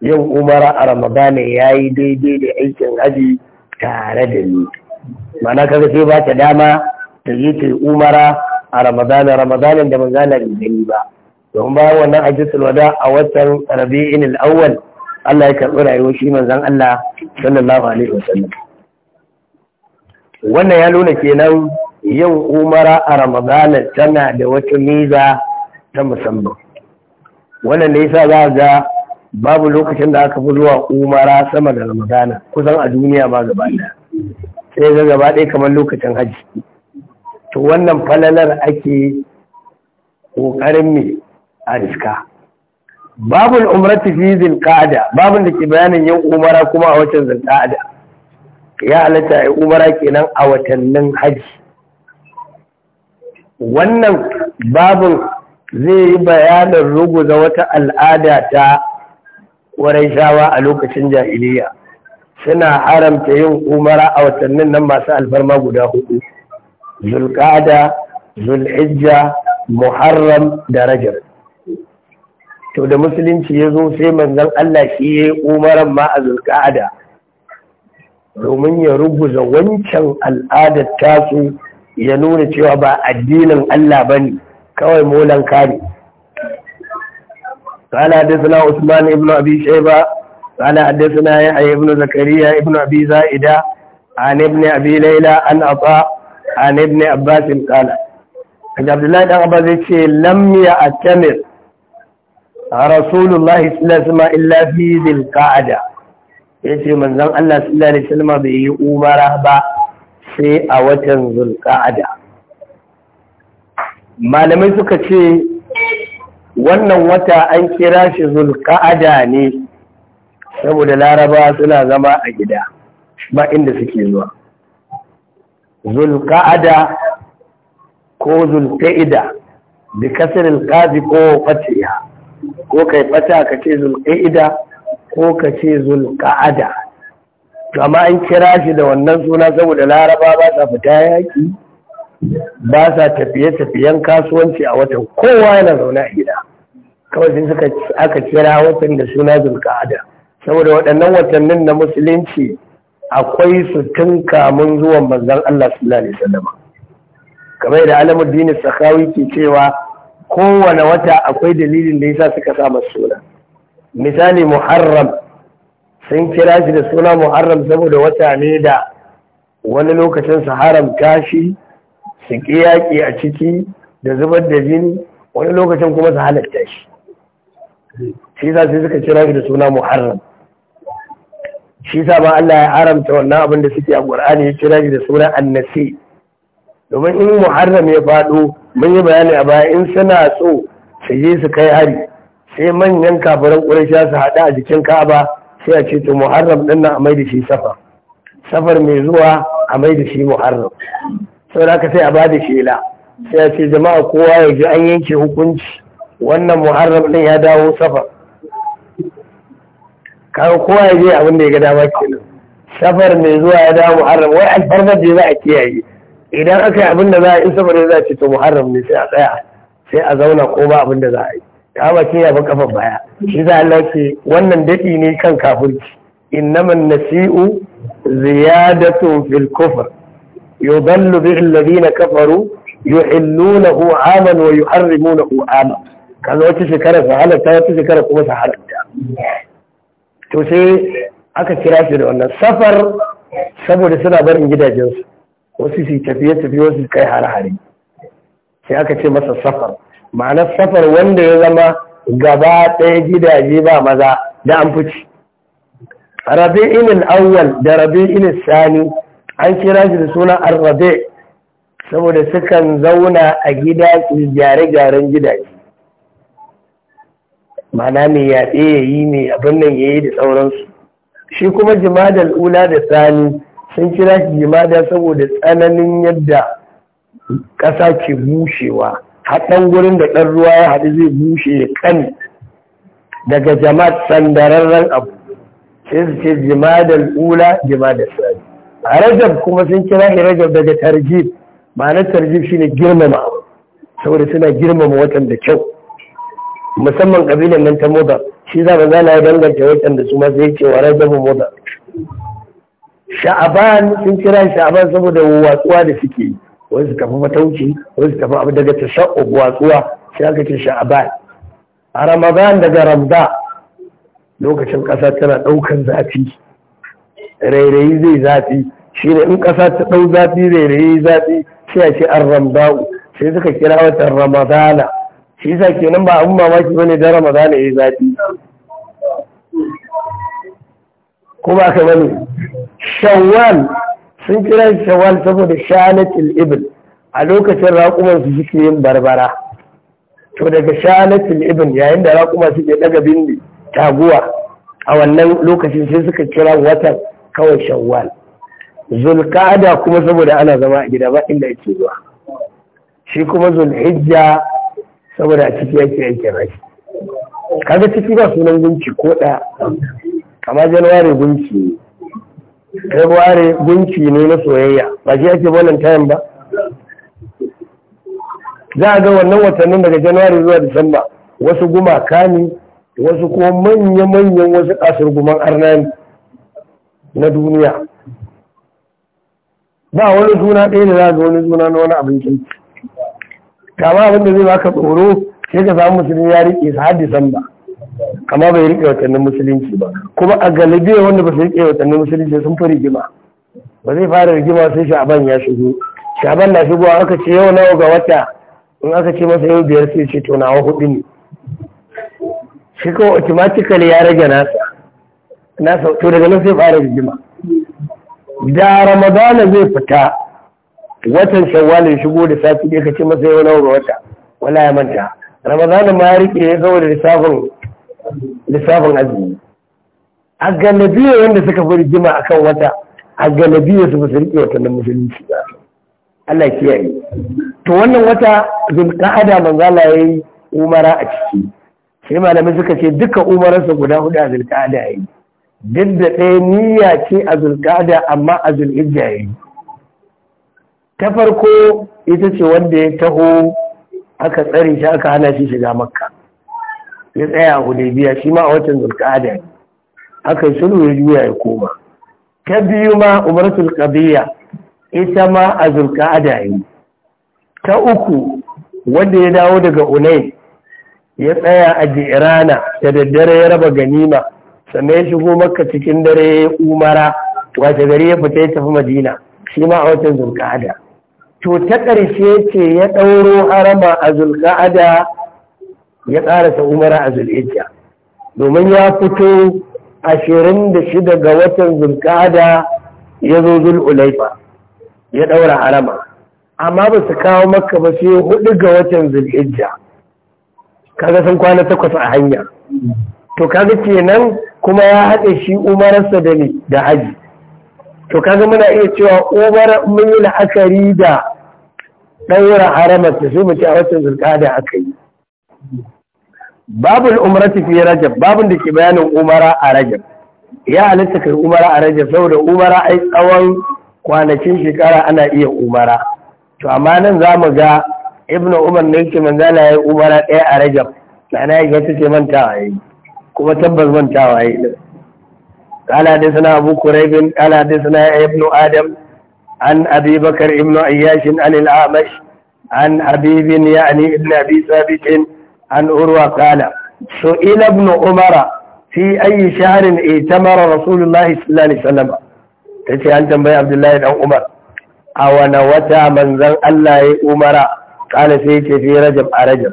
yin umara a ramadana ya yi daidai da aikin hajji tare da ni mana kaga sai ba ta dama ta je ta umara a ramadana ramadanin da manzana da gani ba domin ba wannan ajiyar wada a watan rabi'in al-awwal Allah ya karɓi rayuwar shi manzan Allah sallallahu alaihi wasallam wannan ya nuna kenan yin umara a ramadana tana da wata miza ta musamman wannan da yasa za ga babu lokacin da aka fi zuwa umara sama da ramadana kusan a duniya ma gaba ɗaya sai ga gaba ɗaya kamar lokacin hajji to wannan falalar ake ƙoƙarin mai a babul umrati fi zilqa'da babun da ke bayanin yin umara kuma a watan zilqa'da ya halatta ai umara kenan a watannin haji wannan babun zai yi bayanin ruguza wata al'ada ta shawa a lokacin jahiliya suna haramta yin umara a watannin nan masu alfarma guda hudu zulqa'da zulhijja muharram da rajab to da musulunci ya zo sai manzan Allah shi ya yi umaran ma a zulƙa'ada domin ya rubuta wancan al'adar tasu ya nuna cewa ba addinin Allah ba ne kawai molan kare kala da suna usman ibn abi shaiba kala da suna ya ayi ibn zakariya ibn abi za'ida an ibn abi laila an afa an ibn abbas kala Abdullahi dan Abbas ya ce lammiya a akamir rasulullahi sallallahu illa fi qa'ada yace manzon Allah sallallahu alaihi wasallam bai yi umara ba sai a watan zul malamai suka ce wannan wata an kira shi zul ne saboda laraba suna zama a gida ba inda suke zuwa zul ko zul bi kasr al qadi ko fatiha ko kai fata ka ce zulƙa'ida ko ka ce zulƙa'ada to amma an kira shi da wannan suna saboda laraba ba sa fita yaki ba sa tafiye-tafiyen kasuwanci a watan kowa yana zaune a gida kawai sai suka aka kira watan da suna zulƙa'ada saboda waɗannan watannin na musulunci akwai su tun kamun zuwan manzon Allah sallallahu alaihi wasallam kamar da alamuddin sakawi ke cewa kowane wata akwai dalilin da ya sa suka sa masu suna misali muharram sun kira shi da suna muharram saboda wata ne da wani lokacin su haramta shi su yaƙi a ciki da zubar da jini wani lokacin kuma su halatta shi shi sa sai suka kira shi da suna muharram shi sa ma Allah ya haramta wannan abin da suke a Qur'ani ya kira shi da suna annasi domin in muharram ya faɗo mun yi bayani a baya in suna so su je su kai hari sai manyan kafiran ƙurashiya su haɗu a jikin ka'aba sai a ce to muharram ɗin nan a mai da shi safar safar mai zuwa a mai da shi muharram da aka sai a ba da shela sai a ce jama'a kowa ya ji an yanke hukunci wannan muharram ɗin ya dawo safar kawai kowa ya je abin da ya ga dama kenan safar mai zuwa ya dawo muharram wai alfarmar da za a kiyaye idan aka yi abin da za a in saboda za a ce to muharram ne sai a tsaya sai a zauna ko ba abin da za a yi kama ce ya kafan baya shi za Allah ce wannan daɗi ne kan kafirci innaman nasi'u ziyadatu fil kufr yudallu bihi alladhina kafaru yuhillunahu aman wa yuharrimunahu aman kaga wata shekara su halatta wata shekara kuma su halatta to sai aka kira shi da wannan safar saboda suna barin gidajensu wasu su tafiye-tafiye wasu kai har-hare sai aka ce masa safar Ma'ana safar wanda ya zama gaba ɗaya gidaje ba maza da an fice rabi'in awwal da rabi'in sani an kira shi da suna rabe saboda sukan zauna a gida gyare-gyaren gidaje Ma'ana mai yaɗe ya yi mai abin nan ya yi da sauransu shi kuma jimadal ula da sani sun kira shi saboda tsananin yadda ƙasa ke bushewa haɗan gurin da ɗan ruwa ya haɗu zai bushe kan daga jama'a sandararren abu sai su ce jimadar ula jimadar sani a rajab kuma sun kira shi rajab daga tarjib ma'anar tarjib shine girmama abu saboda suna girmama watan da kyau musamman ƙabilan nan ta moda shi za ka zana ya danganta watan da su ma sai ce wa rajab sha'aban sun kira sha'aban saboda watsuwa da suke yi wani su kafa matauci wani su kafa abu daga sha'o watsuwa shi aka ce sha'aban a ramadan daga ramda lokacin ƙasa tana daukan zafi rairayi zai zafi shi ne in ƙasa ta dau zafi rairayi zafi sai a ce an ramda'u sai suka kira watan ramadana shi yasa kenan ba abin mamaki bane da ramadana ya yi zafi ko ba ka bane shawwal sun kira shawwal saboda shanatil ibil a lokacin raƙuman su suke yin barbara to daga shanatil ibil yayin da raƙuma suke daga bindi taguwa a wannan lokacin sai suka kira watan kawai shawwal zulkada kuma saboda ana zama a gida ba inda yake zuwa shi kuma zulhijja saboda a ciki yake yake rashi kaga ciki ba sunan gunki ko da amma januwari gunki ne februari gunki ne na soyayya ba shi ake wannan tayin ba za a ga wannan watannin daga januwari zuwa disamba wasu gumaka ne wasu kuma manya-manyan wasu kasar guman arnani na duniya ba wani suna ɗaya da za ga wani suna na wani abinci. kama abinda zai baka tsoro sai ka samu musulmi ya riƙe su har disamba amma bai riƙe watannin musulunci ba kuma a galibiya wanda ba su riƙe watannin musulunci sun fi rigima ba zai fara rigima sai sha'aban ya shigo sha'aban na shigo aka ce yau nawa ga wata in aka ce masa yau biyar sai ce to nawa hudu ne shi kawai automatically ya rage nasa nasa to daga nan sai fara rigima da ramadana zai fita watan shawwal ya shigo da sati da ka ce masa yau nawa ga wata wala ya manta ramadana ma ya riƙe ya saboda lissafin lissafin azumi a galabiya wanda suka fi rigima a kan wata a galabiya su ba riƙe watannin musulunci ba Allah kiyaye to wannan wata zulqa'ada manzala yi umara a ciki sai malamai suka ce duka umararsa guda hudu a ya yi duk da ɗaya niyya ce a zulqa'ada amma a zulhijja yi ta farko ita ce wanda ya taho aka tsare shi aka hana shi shiga makka ya tsaya a hudaybiya shi ma a watan zulqa'ada ne aka sulhu ya juya ya koma ta biyu ma umaratul qadiyya ita ma a zulqa'ada ne ta uku wanda ya dawo daga unai ya tsaya a jirana da daddare ya raba ganima sannan ya shigo makka cikin dare ya yi umara wace gari ya fita ya tafi madina shi ma a watan zulka'ada to ta ƙarshe ce ya ɗauro harama a zulka'ada ya ƙarasa umara a zulhijja domin ya fito ashirin da shida ga watan zulkada ya zo zululaifa ya ɗaura harama amma ba su kawo maka ba sai hudu ga watan zulhijja kaga sun kwana takwas a hanya to kaga kenan kuma ya haɗa shi umararsa da ni da haji to kaga muna iya cewa umar mun yi la'akari da ɗaura ta sai mu ci a watan zulkada aka yi Babu umrati fi rajab babun da ke bayanin umara a rajab ya halitta kai umara a rajab saboda umara ai tsawon kwanakin shekara ana iya umara to amma nan za mu ga ibn umar ne yake manzala ya yi umara ɗaya a rajab na ya gata take mantawa yi kuma tabbas mantawa yi suna abu kuraibin أبو da suna حدثنا ابن آدم عن أبي ibnu ابن عياش عن amash an Abibin Ya'ani, ابن أبي ثابت an urwa kala so ila ibn umara fi ayi shahrin itamara rasulullahi sallallahu alaihi wasallam tace an tambayi abdullahi dan umar a wani wata manzon Allah ya umara kala sai ce fi rajab a rajab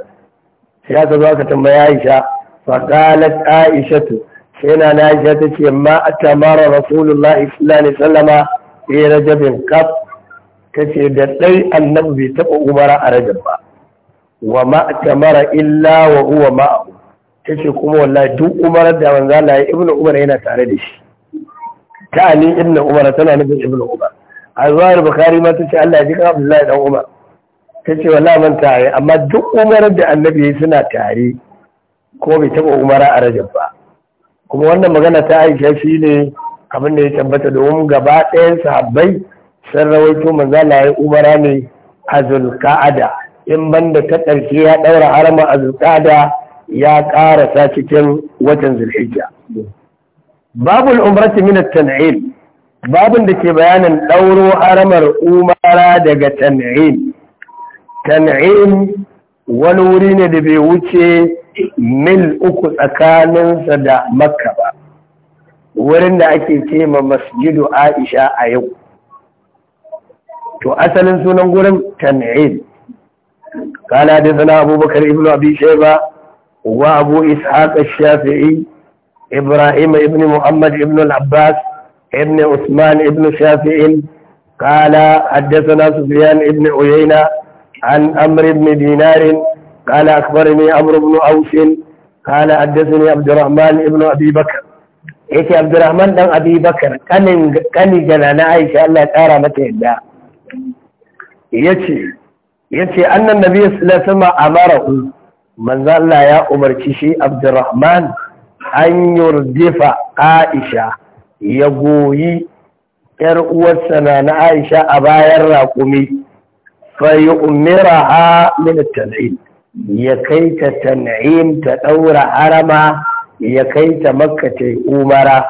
sai aka zo aka tambaya aisha fa qalat aishatu sai na na aisha tace ma atamara rasulullahi sallallahu alaihi wasallam fi rajabin qat tace da dai annabi bai taɓa umara a rajab ba wa ma'tamara illa wa huwa ma'ahu tace kuma wallahi duk umar da manzo Allah ya ibnu umar yana tare da shi ta ni ibnu umar tana nufin ibnu umar azwar bukhari ma tace Allah ya jika abdullahi dan umar tace wallahi man tare amma duk umar da annabi suna tare ko bai taba umara a rajab ba kuma wannan magana ta aisha shine abin da ya tabbata domin gaba ɗayan sahabbai sun rawaito manzo Allah ya umara ne a zulqa'ada in banda ta ƙarshe ya ɗaura harama a zuƙada ya ƙarasa cikin watan zulhijja babul umrati min at-tan'im babin da ke bayanin ɗauro haramar umara daga tan'im tan'im wani wuri ne da bai wuce mil uku tsakaninsa da makka ba wurin da ake ce masjidu aisha a yau to asalin sunan gurin tan'im قال حدثنا أبو بكر ابن أبي شيبة وأبو إسحاق الشافعي إبراهيم ابن محمد ابن العباس ابن عثمان ابن شافع قال حدثنا سفيان ابن عيينة عن أمر بن دينار قال أخبرني عمرو بن أوس قال حدثني عبد الرحمن ابن أبي بكر yake abdurrahman dan abi bakar kanin kani jana na aisha Allah ya tsara mata yadda yace yace annan nabi sallallahu alaihi manzo Allah ya umarci shi Abdurrahman an yurdifa Aisha ya goyi ‘yar uwarsa na na Aisha a bayan raƙumi, fayi umira ha tanayin ya kai ta tanayin ta ɗaura harama ya kai ta ta umara,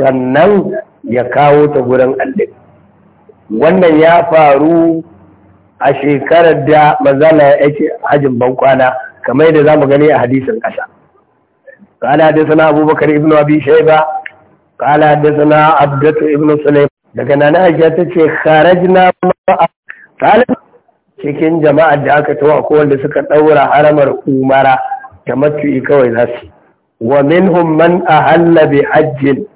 sannan ya kawo ta gurin allin. Wannan ya faru a shekarar da ya ake hajjin bankwana kamar yadda zamu gani a hadisin ƙasa قال حدثنا أبو بكر ibn أبي شيبة قال حدثنا عبدة ابن سليم لكن أنا أجاتك na da cikin jama'a da aka tawa ko wanda suka ɗaura haramar umara da matu'i kawai za su wa minhum man ahalla bi hajjin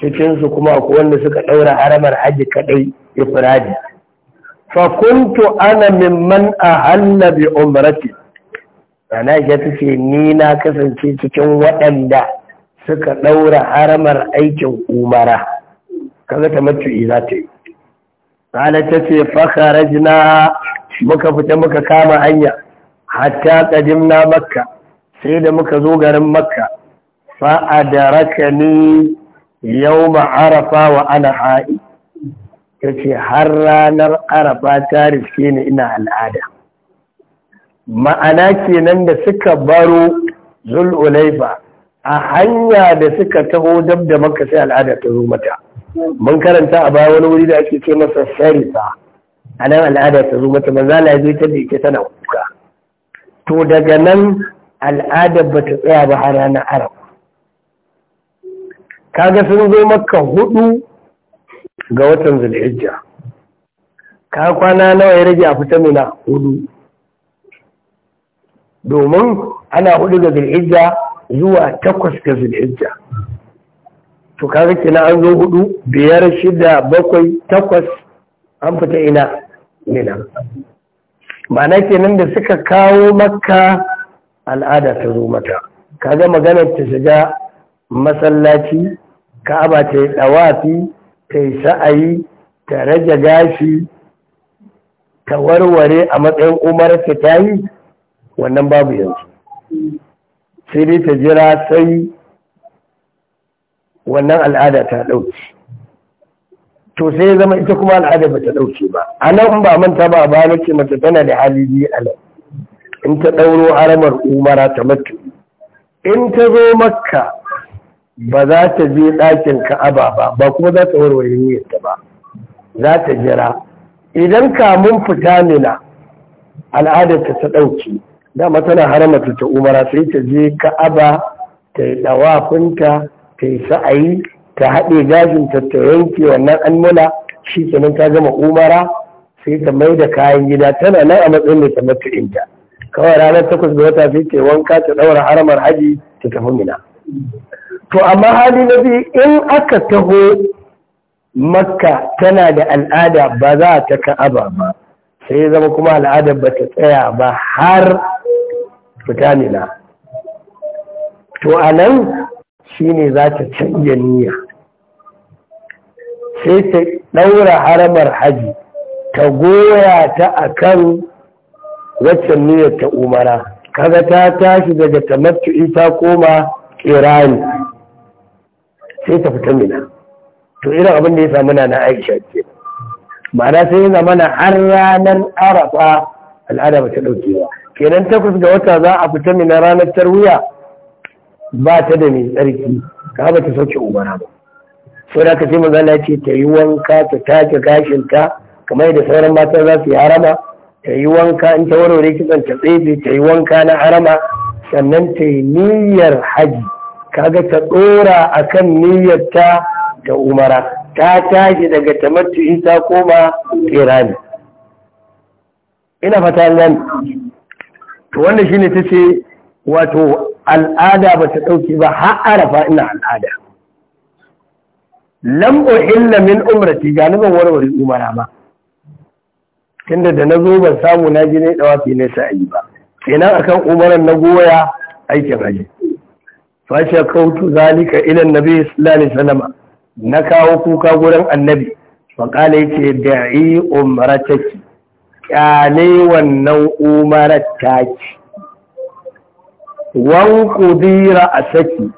cikin kuma ko wanda suka ɗaura haramar hajji kadai ifradi fakuntu ana mimman a hallabi umarati rana ya tace ni na kasance cikin waɗanda suka ɗaura haramar aikin umara kaga ta matu'i za ta yi rana ta ce fakarajina muka fita muka kama hanya hatta na makka sai da muka zo garin makka fa'adaraka ni yau ma'arafa wa ana ha'i ya ce har ranar arafa ta riske ni ina al'ada ma'ana kenan da suka baro zul'ulaifa a hanya da suka taho dab da maka sai al'ada ta zo mata mun karanta a baya wani wuri da ake ce masa sharifa a nan al'ada ta zo mata maza ta da ita tana kuka to daga nan al'ada ba ta tsaya ba har ranar arab kaga sun zo maka hudu ga watan zulhijja ka kwana nawa ya rage a fita mina hudu domin ana hudu ga zulhijja zuwa takwas ga zulhijja to kaga kina an zo hudu biyar shida bakwai takwas an fita ina mina ma'ana kenan da suka kawo makka al'ada ta zo mata kaga maganar ta shiga masallaci ka'aba ta yi tsawafi ta yi sa'ayi ta rage gashi ta warware a matsayin umarta ta ta yi wannan babu yanzu sai dai ta jira sai wannan al'ada ta ɗauki to sai ya zama ita kuma al'ada ba ta ɗauke ba a nan ba manta ba ba na ce mace tana da hali biyu a nan in ta ɗauro haramar umara ta mutu in ta zo makka ba za ta je ɗakin ka'aba ba ba kuma za ta warware niyyarta ba za ta jira idan kamun fita mina al'adarta ta ɗauki dama tana haramata ta umara sai ta je ka'aba ta yi ɗawafinta ta yi sa'ayi ta haɗe gashin ta yanke wannan annula shi kenan ta gama umara sai ta mai da kayan gida tana nan a matsayin mai ta matu'inta kawai ranar takwas da wata sai ta wanka ta ɗaura haramar haji ta tafi mina to amma hali na biyu in aka taho makka tana da al'ada ba za ta ka'aba ba sai zama kuma al'adar ba ta tsaya ba har fita nila to a nan shi ne za ta canja niyya sai ta ɗaura haramar haji ta goya ta a kan waccan niyyar ta umara kaga ta tashi daga tamattu ita, koma kirani sai ta fita mina to irin abin da ya samu na aisha ke ma'ana sai ya zama na har ranar arafa al'ada ba ta ɗaukewa kenan takwas ga wata za a fita mina ranar tarwiya ba ta da mai tsarki ka ba ta sauke umara ba sai da ka sai ce ta yi wanka ta take gashinta kamar yadda sauran mata za su yi harama ta yi wanka in ta warware kitson ta tsefe ta yi wanka na harama sannan ta yi niyyar haji kaga ta dora akan kan niyyarta da umara ta tashi daga in ta koma kirani ina fata nan to wanda shine tace wato al'ada ba ta ɗauki ba har arafa ina al'ada lam uhilla min umrati ga warware umara ba tunda da na zo ban samu na ji ne dawafi ne sa'i ba kenan akan umaran na goya aikin haji fashe kautu zalika ilan nabi sallallahu alaihi wasallam na kawo kuka gurin annabi faƙala ya ce da'i umarataki ƙyale wannan umarataki wan kudira a saki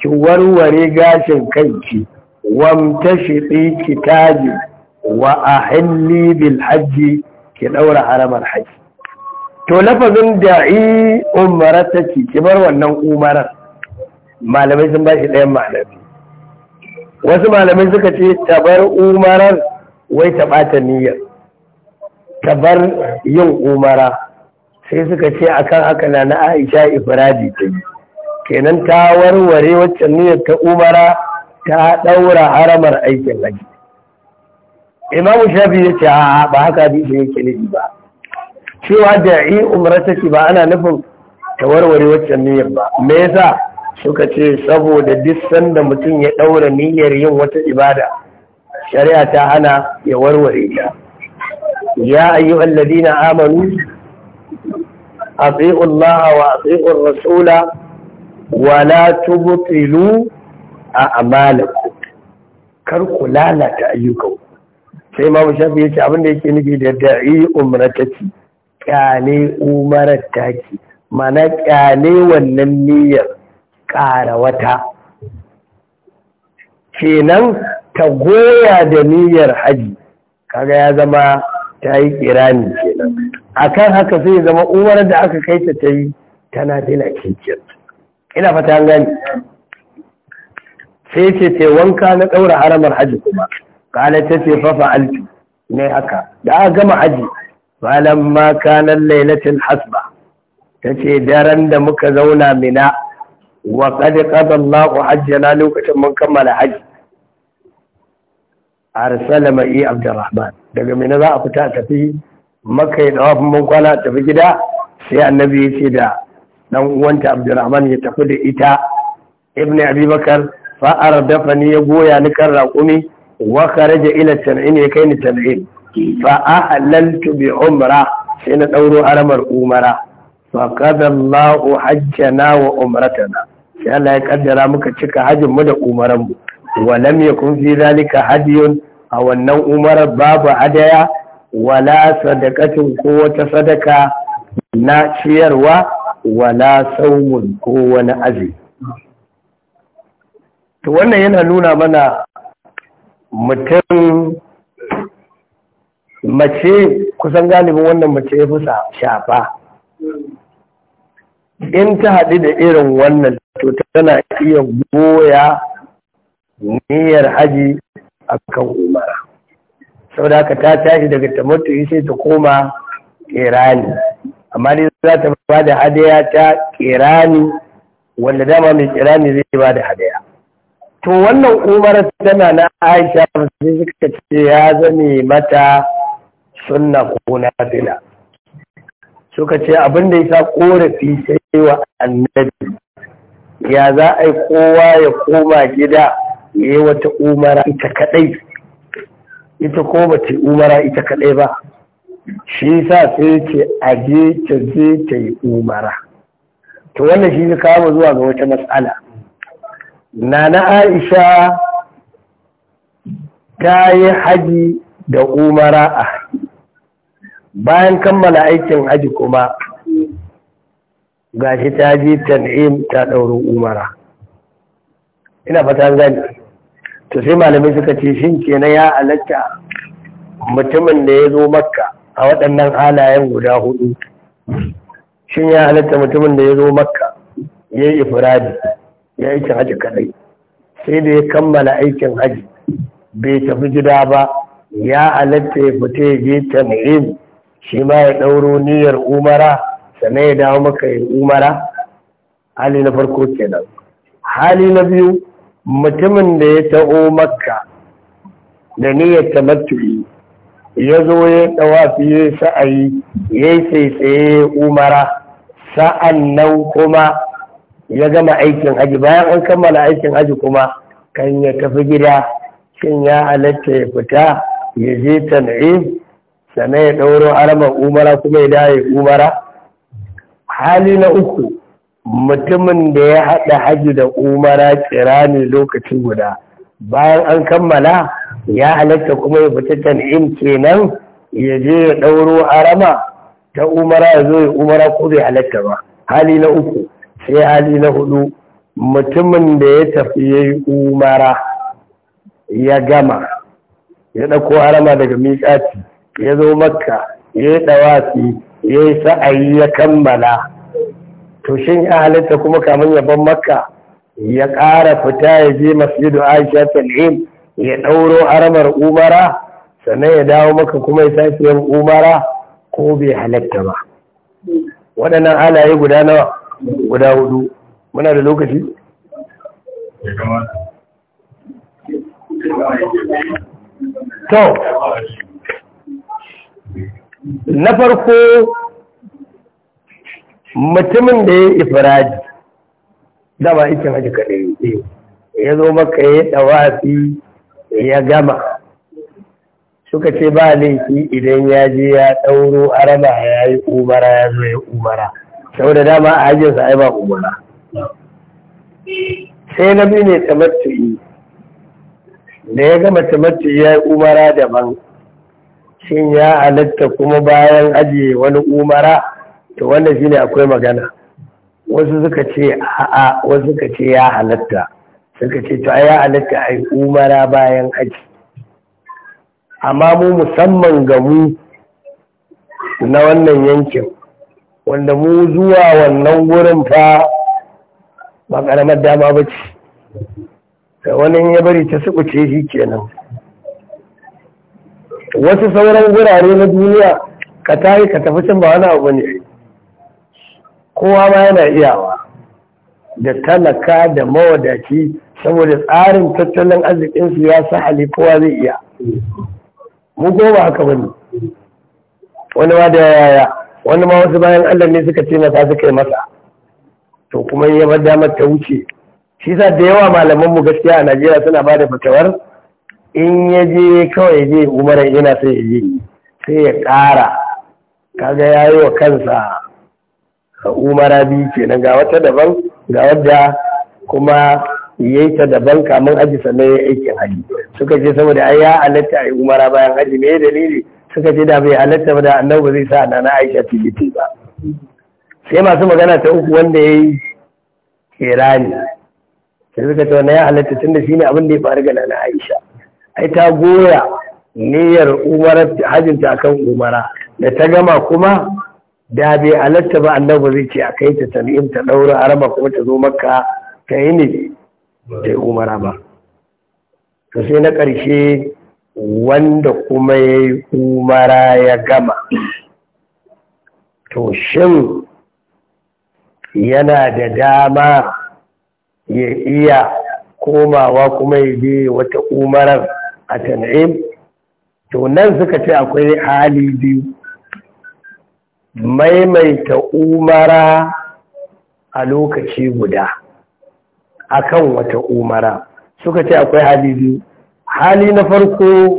ki warware gashin kanki wamta tashi ki taji wa a bil hajji ki ɗaura haramar hajji to lafazin da'i umarataki ki bar wannan umarar malamai sun ba shi ɗayan ma'anar wasu malamai suka ce tabar umarar wai ta ɓata niyyar tabar yin umara sai suka ce akan haka na na aisha ifiradi ta yi. kenan ta warware waccan niyyar ta umara ta ɗaura haramar aikin haji imamu shafi ya ce a ba haka shi yake nufi ba cewa da yi umarar take ba ana nufin ta warware waccan niyyar ba me yasa suka ce saboda duk sanda mutum ya ɗaura niyyar yin wata ibada shari'a ta hana ya warware ta ya ayyuhal ladina amanu ati'u Allah wa ati'u rasula wa la tubtilu a'malakum kar ku lalata ayyukan sai mu Shafi yace abin da yake nufi da da'i umratati kyale umarar mana kyale wannan niyyar ƙara wata kenan ta goya da niyyar hajji kaga ya zama ta yi kirani kenan kan haka sai zama umar da aka kai ta ta yi tana dina kinkir ina fata gani sai ce ce wanka na ɗaura haramar haji kuma kala ta ce fafa alfi ne haka da aka gama hajji malam ma kanan lailatin hasba ta ce daren da muka zauna mina wa qad qada Allahu hajjana lokacin mun kammala haji arsala mai Abdurrahman daga mina za a fita tafi Makka ya dawo mun kwana tafi gida sai annabi ya ce da dan uwanta Abdurrahman ya tafi da ita ibn Abibakar, Bakar fa ardafani ya goya ni kan raƙumi wa kharaja ila tan'in ya kai ni tan'in fa ahlaltu bi umra sai na dauro haramar umara fa qadallahu na wa umratana sai Allah ya kaddara muka cika hajjin mu da umaran mu wa lam yakun fi zalika hadiyun a wannan umarar babu hadaya wala sadaqatin ko wata sadaka na ciyarwa wala saumun ko wani aji? to wannan yana nuna mana mutum mace kusan galibin wannan mace ya fi shafa in ta haɗu da irin wannan to tana iya goya niyyar haji a kan umara saboda haka ta tashi daga tamattu sai ta koma kerani amma dai za ta ba da hadaya ta kerani wanda dama mai kirani zai ba da hadaya to wannan umara tana na aisha sai suka ce ya zame mata sunna kona na fila suka ce abin da sa korafi sai wa annabi ya za a yi kowa ya koma gida ya yi wata umara ita kadai ita ko ba ta umara ita kadai ba shi sa sai ce a je ta je ta yi umara to wannan shi ne kama zuwa ga wata matsala nana aisha ta yi haji da umara a bayan kammala aikin haji kuma gashi ta ji tan'im ta ɗaurin umara ina fata gani to sai malamai suka ce shin ke na ya alatta mutumin da ya zo makka a waɗannan halayen guda hudu shin ya halatta mutumin da ya zo makka ya yi ifiradi ya yi aikin haji kadai sai da ya kammala aikin haji bai tafi gida ba ya halatta ya fita ya je tan'im shi ma ya ɗauro niyyar umara sannan ya dawo maka ya umara hali na farko ke nan, hali na biyu mutumin da ya ta'o maka da niyyar tamattu'i ya zo ya dawafi fiye sa'ayi ya yi tsaitsaye umara sa'an nan kuma ya gama aikin aji, bayan an kammala aikin aji kuma kan ya tafi gida shin ya halatta ya fita ya je tan'im sannan ya ɗauro alamar umara kuma ya dawo umara hali na uku mutumin da ya haɗa haji da umara ne lokaci guda bayan an kammala ya halatta kuma ya fita tan'im kenan ya je ya ɗauro arama ta umara ya zo ya umara ko bai halatta ba hali na uku sai hali na hudu mutumin da ya tafi ya yi umara ya gama ya ɗauko harama daga miƙaci ya zo makka ya yi ɗawafi ya yi sa'ayi ya kammala to shin ya halitta kuma kamun ya bar makka ya ƙara fita ya je masjidu aisha tal'im ya ɗauro haramar umara sannan ya dawo maka kuma ya sake yin umara ko bai halatta ba waɗannan halaye guda nawa guda hudu muna da lokaci to na farko mutumin da ya yi ifiradi dama ikin haji kaɗai ya zo maka ya ɗawafi ya gama suka ce ba laifi idan ya je ya ɗauro araba ya yi umara ya zo ya umara sau da dama a hajjinsa ai ba umara sai na biyu ne tamattu'i da ya gama tamattu'i ya yi umara daban shin ya halatta kuma bayan ajiye wani umara to wanda shine akwai magana wasu suka ce a'a wasu suka ce ya halatta suka ce to ya halatta a umara bayan aji amma mu musamman ga mu na wannan yankin wanda mu zuwa wannan wurin fa ba karamar dama ba ce wani ya bari ta sukuce shi kenan wasu sauran wurare na duniya ka tayi ka tafi can ba wani abu ne kowa ma yana iyawa da talaka da mawadaci saboda tsarin tattalin arzikinsu ya sa hali kowa zai iya mu goma haka bane wani ma da yaya wani ma wasu bayan allah ne suka ce masa suka yi masa to kuma yi damar ta wuce shi sa da yawa malamanmu gaskiya a najeriya suna ba da fatawar in ya je kawai je Umarai, yana sai ya je sai ya ƙara kaga ya yi wa kansa umara biyu kenan ga wata daban ga wadda kuma ya yi ta daban kamun aji sannan ya aikin haji suka ce saboda ai ya halatta a yi umara bayan haji me dalili suka ce da bai halatta ba da annabi ba zai sa na na aisha tiliti ba sai masu magana ta uku wanda ya yi kirani sai suka ce wannan ya halatta tun da ne abin da ya faru ga na aisha ai ta goya niyyar umarar hajjinta kan umara da ta gama kuma da bai alatta ba annabi zai ce a kai ta tan'im ta daura araba kuma ta zo makka ta yi ne ta yi umara ba to sai na ƙarshe wanda kuma ya yi umara ya gama to shin yana da dama ya iya komawa kuma ya je wata umarar a tan'im to nan suka ce akwai hali biyu maimaita umara a lokaci guda akan wata umara suka ce akwai hali biyu hali na farko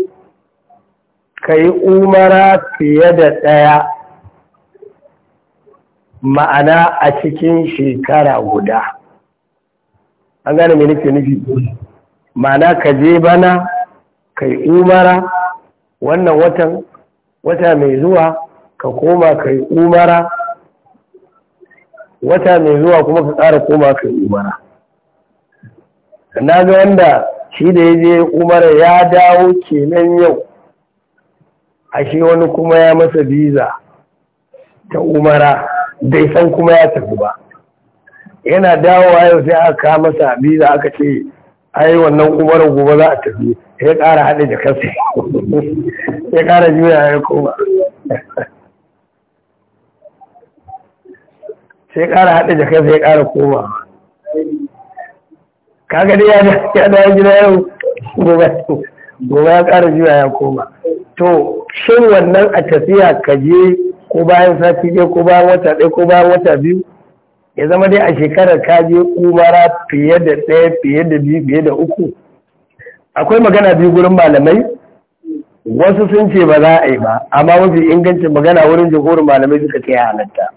ka yi umara fiye da ɗaya ma'ana a cikin shekara guda an gane mai nufi nufi ma'ana ka je bana kai umara wannan watan wata mai zuwa ka koma kai umara wata mai zuwa kuma ka ƙara koma kai umara na ga wanda shi da ya je umara ya dawo kenan yau ashe wani kuma ya masa biza ta umara bai san kuma ya tafi ba yana dawowa yau sai aka masa biza aka ce ai wannan umarar gobe za a tafi ya kara haɗe da kansa ya kara juya ya koma sai kara haɗe da kansa ya kara koma kaga dai ya da ya gida yau gobe ya kara juya ya koma to shin wannan a tafiya ka je ko bayan sati ɗaya ko bayan wata ɗaya ko bayan wata biyu ya zama dai a shekarar ka je umara fiye da ɗaya fiye da biyu fiye da uku akwai magana biyu gurin malamai wasu sun ce ba za a yi ba amma mafi ingancin magana wurin jihohin malamai suka ce ya halatta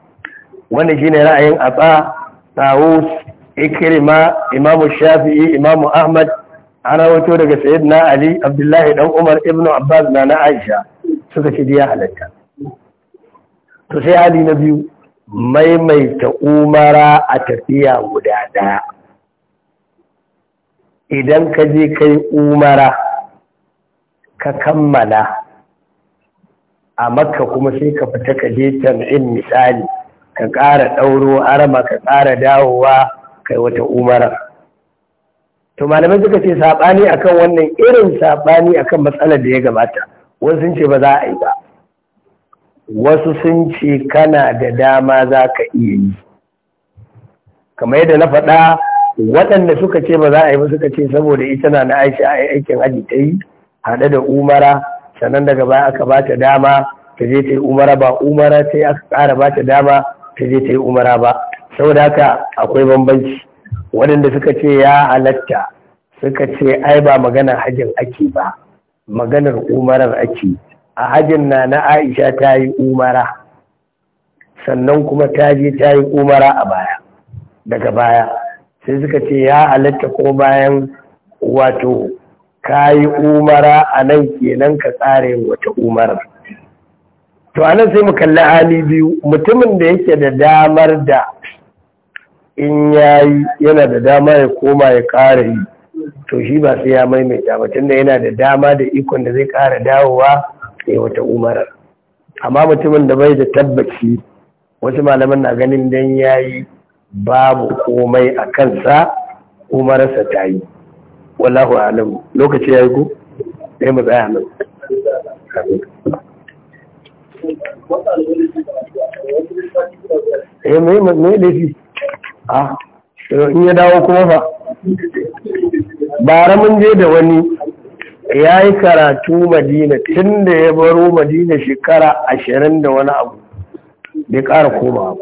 wanda shine ra'ayin atsa tawus Ikirima, imamu shafi'i imamu ahmad ana wato daga sayyidina ali abdullahi dan umar ibnu abbas na na aisha suka ce ya halatta to sai hali na biyu maimaita umara a tafiya guda daya idan ka je kai umara ka kammala a makka kuma sai ka fita ka je tam'in misali ka ƙara ɗauro arama ka ƙara dawowa kai wata umara to malamai suka ce saɓani akan wannan irin saɓani akan matsalar da ya gabata wasu sun ce ba za a yi ba wasu sun ce kana da dama za ka iya yi kamar yadda na faɗa waɗanda suka ce ba za a yi ba suka ce saboda ita na na aisha a aikin aji ta yi haɗe da umara sannan daga baya aka ba ta dama ta je ta yi umara ba umara ta yi aka ƙara ba ta dama ta je ta yi umara ba saboda haka akwai bambanci waɗanda suka ce ya halatta suka ce ai ba maganar hajjin ake ba maganar umarar ake a hajin na na aisha ta yi umara sannan kuma ta je ta yi umara a baya daga baya sai suka ce ya halatta ko bayan wato ka yi umara a nan kenan ka tsare wata umarar to anan sai mu kalli hali biyu mutumin da yake da damar da in ya yi, yana da dama ya koma ya ƙara yi to shi ba sai ya maimaita ba tunda yana da dama da ikon da zai ƙara dawowa ne wata umarar amma mutumin da bai da tabbaci wasu malaman na ganin ya yayi babu komai a kansa umararsa ta yi wallahu alam lokaci ya yi ku sai mu tsaya nan eh mai me laifi ah in ya dawo kuma fa bara mun je da wani ya yi karatu madina tun da ya baro madina shekara ashirin da wani abu bai ƙara koma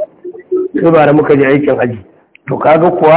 sai ba da muka ji aikin aji. to kaga kuwa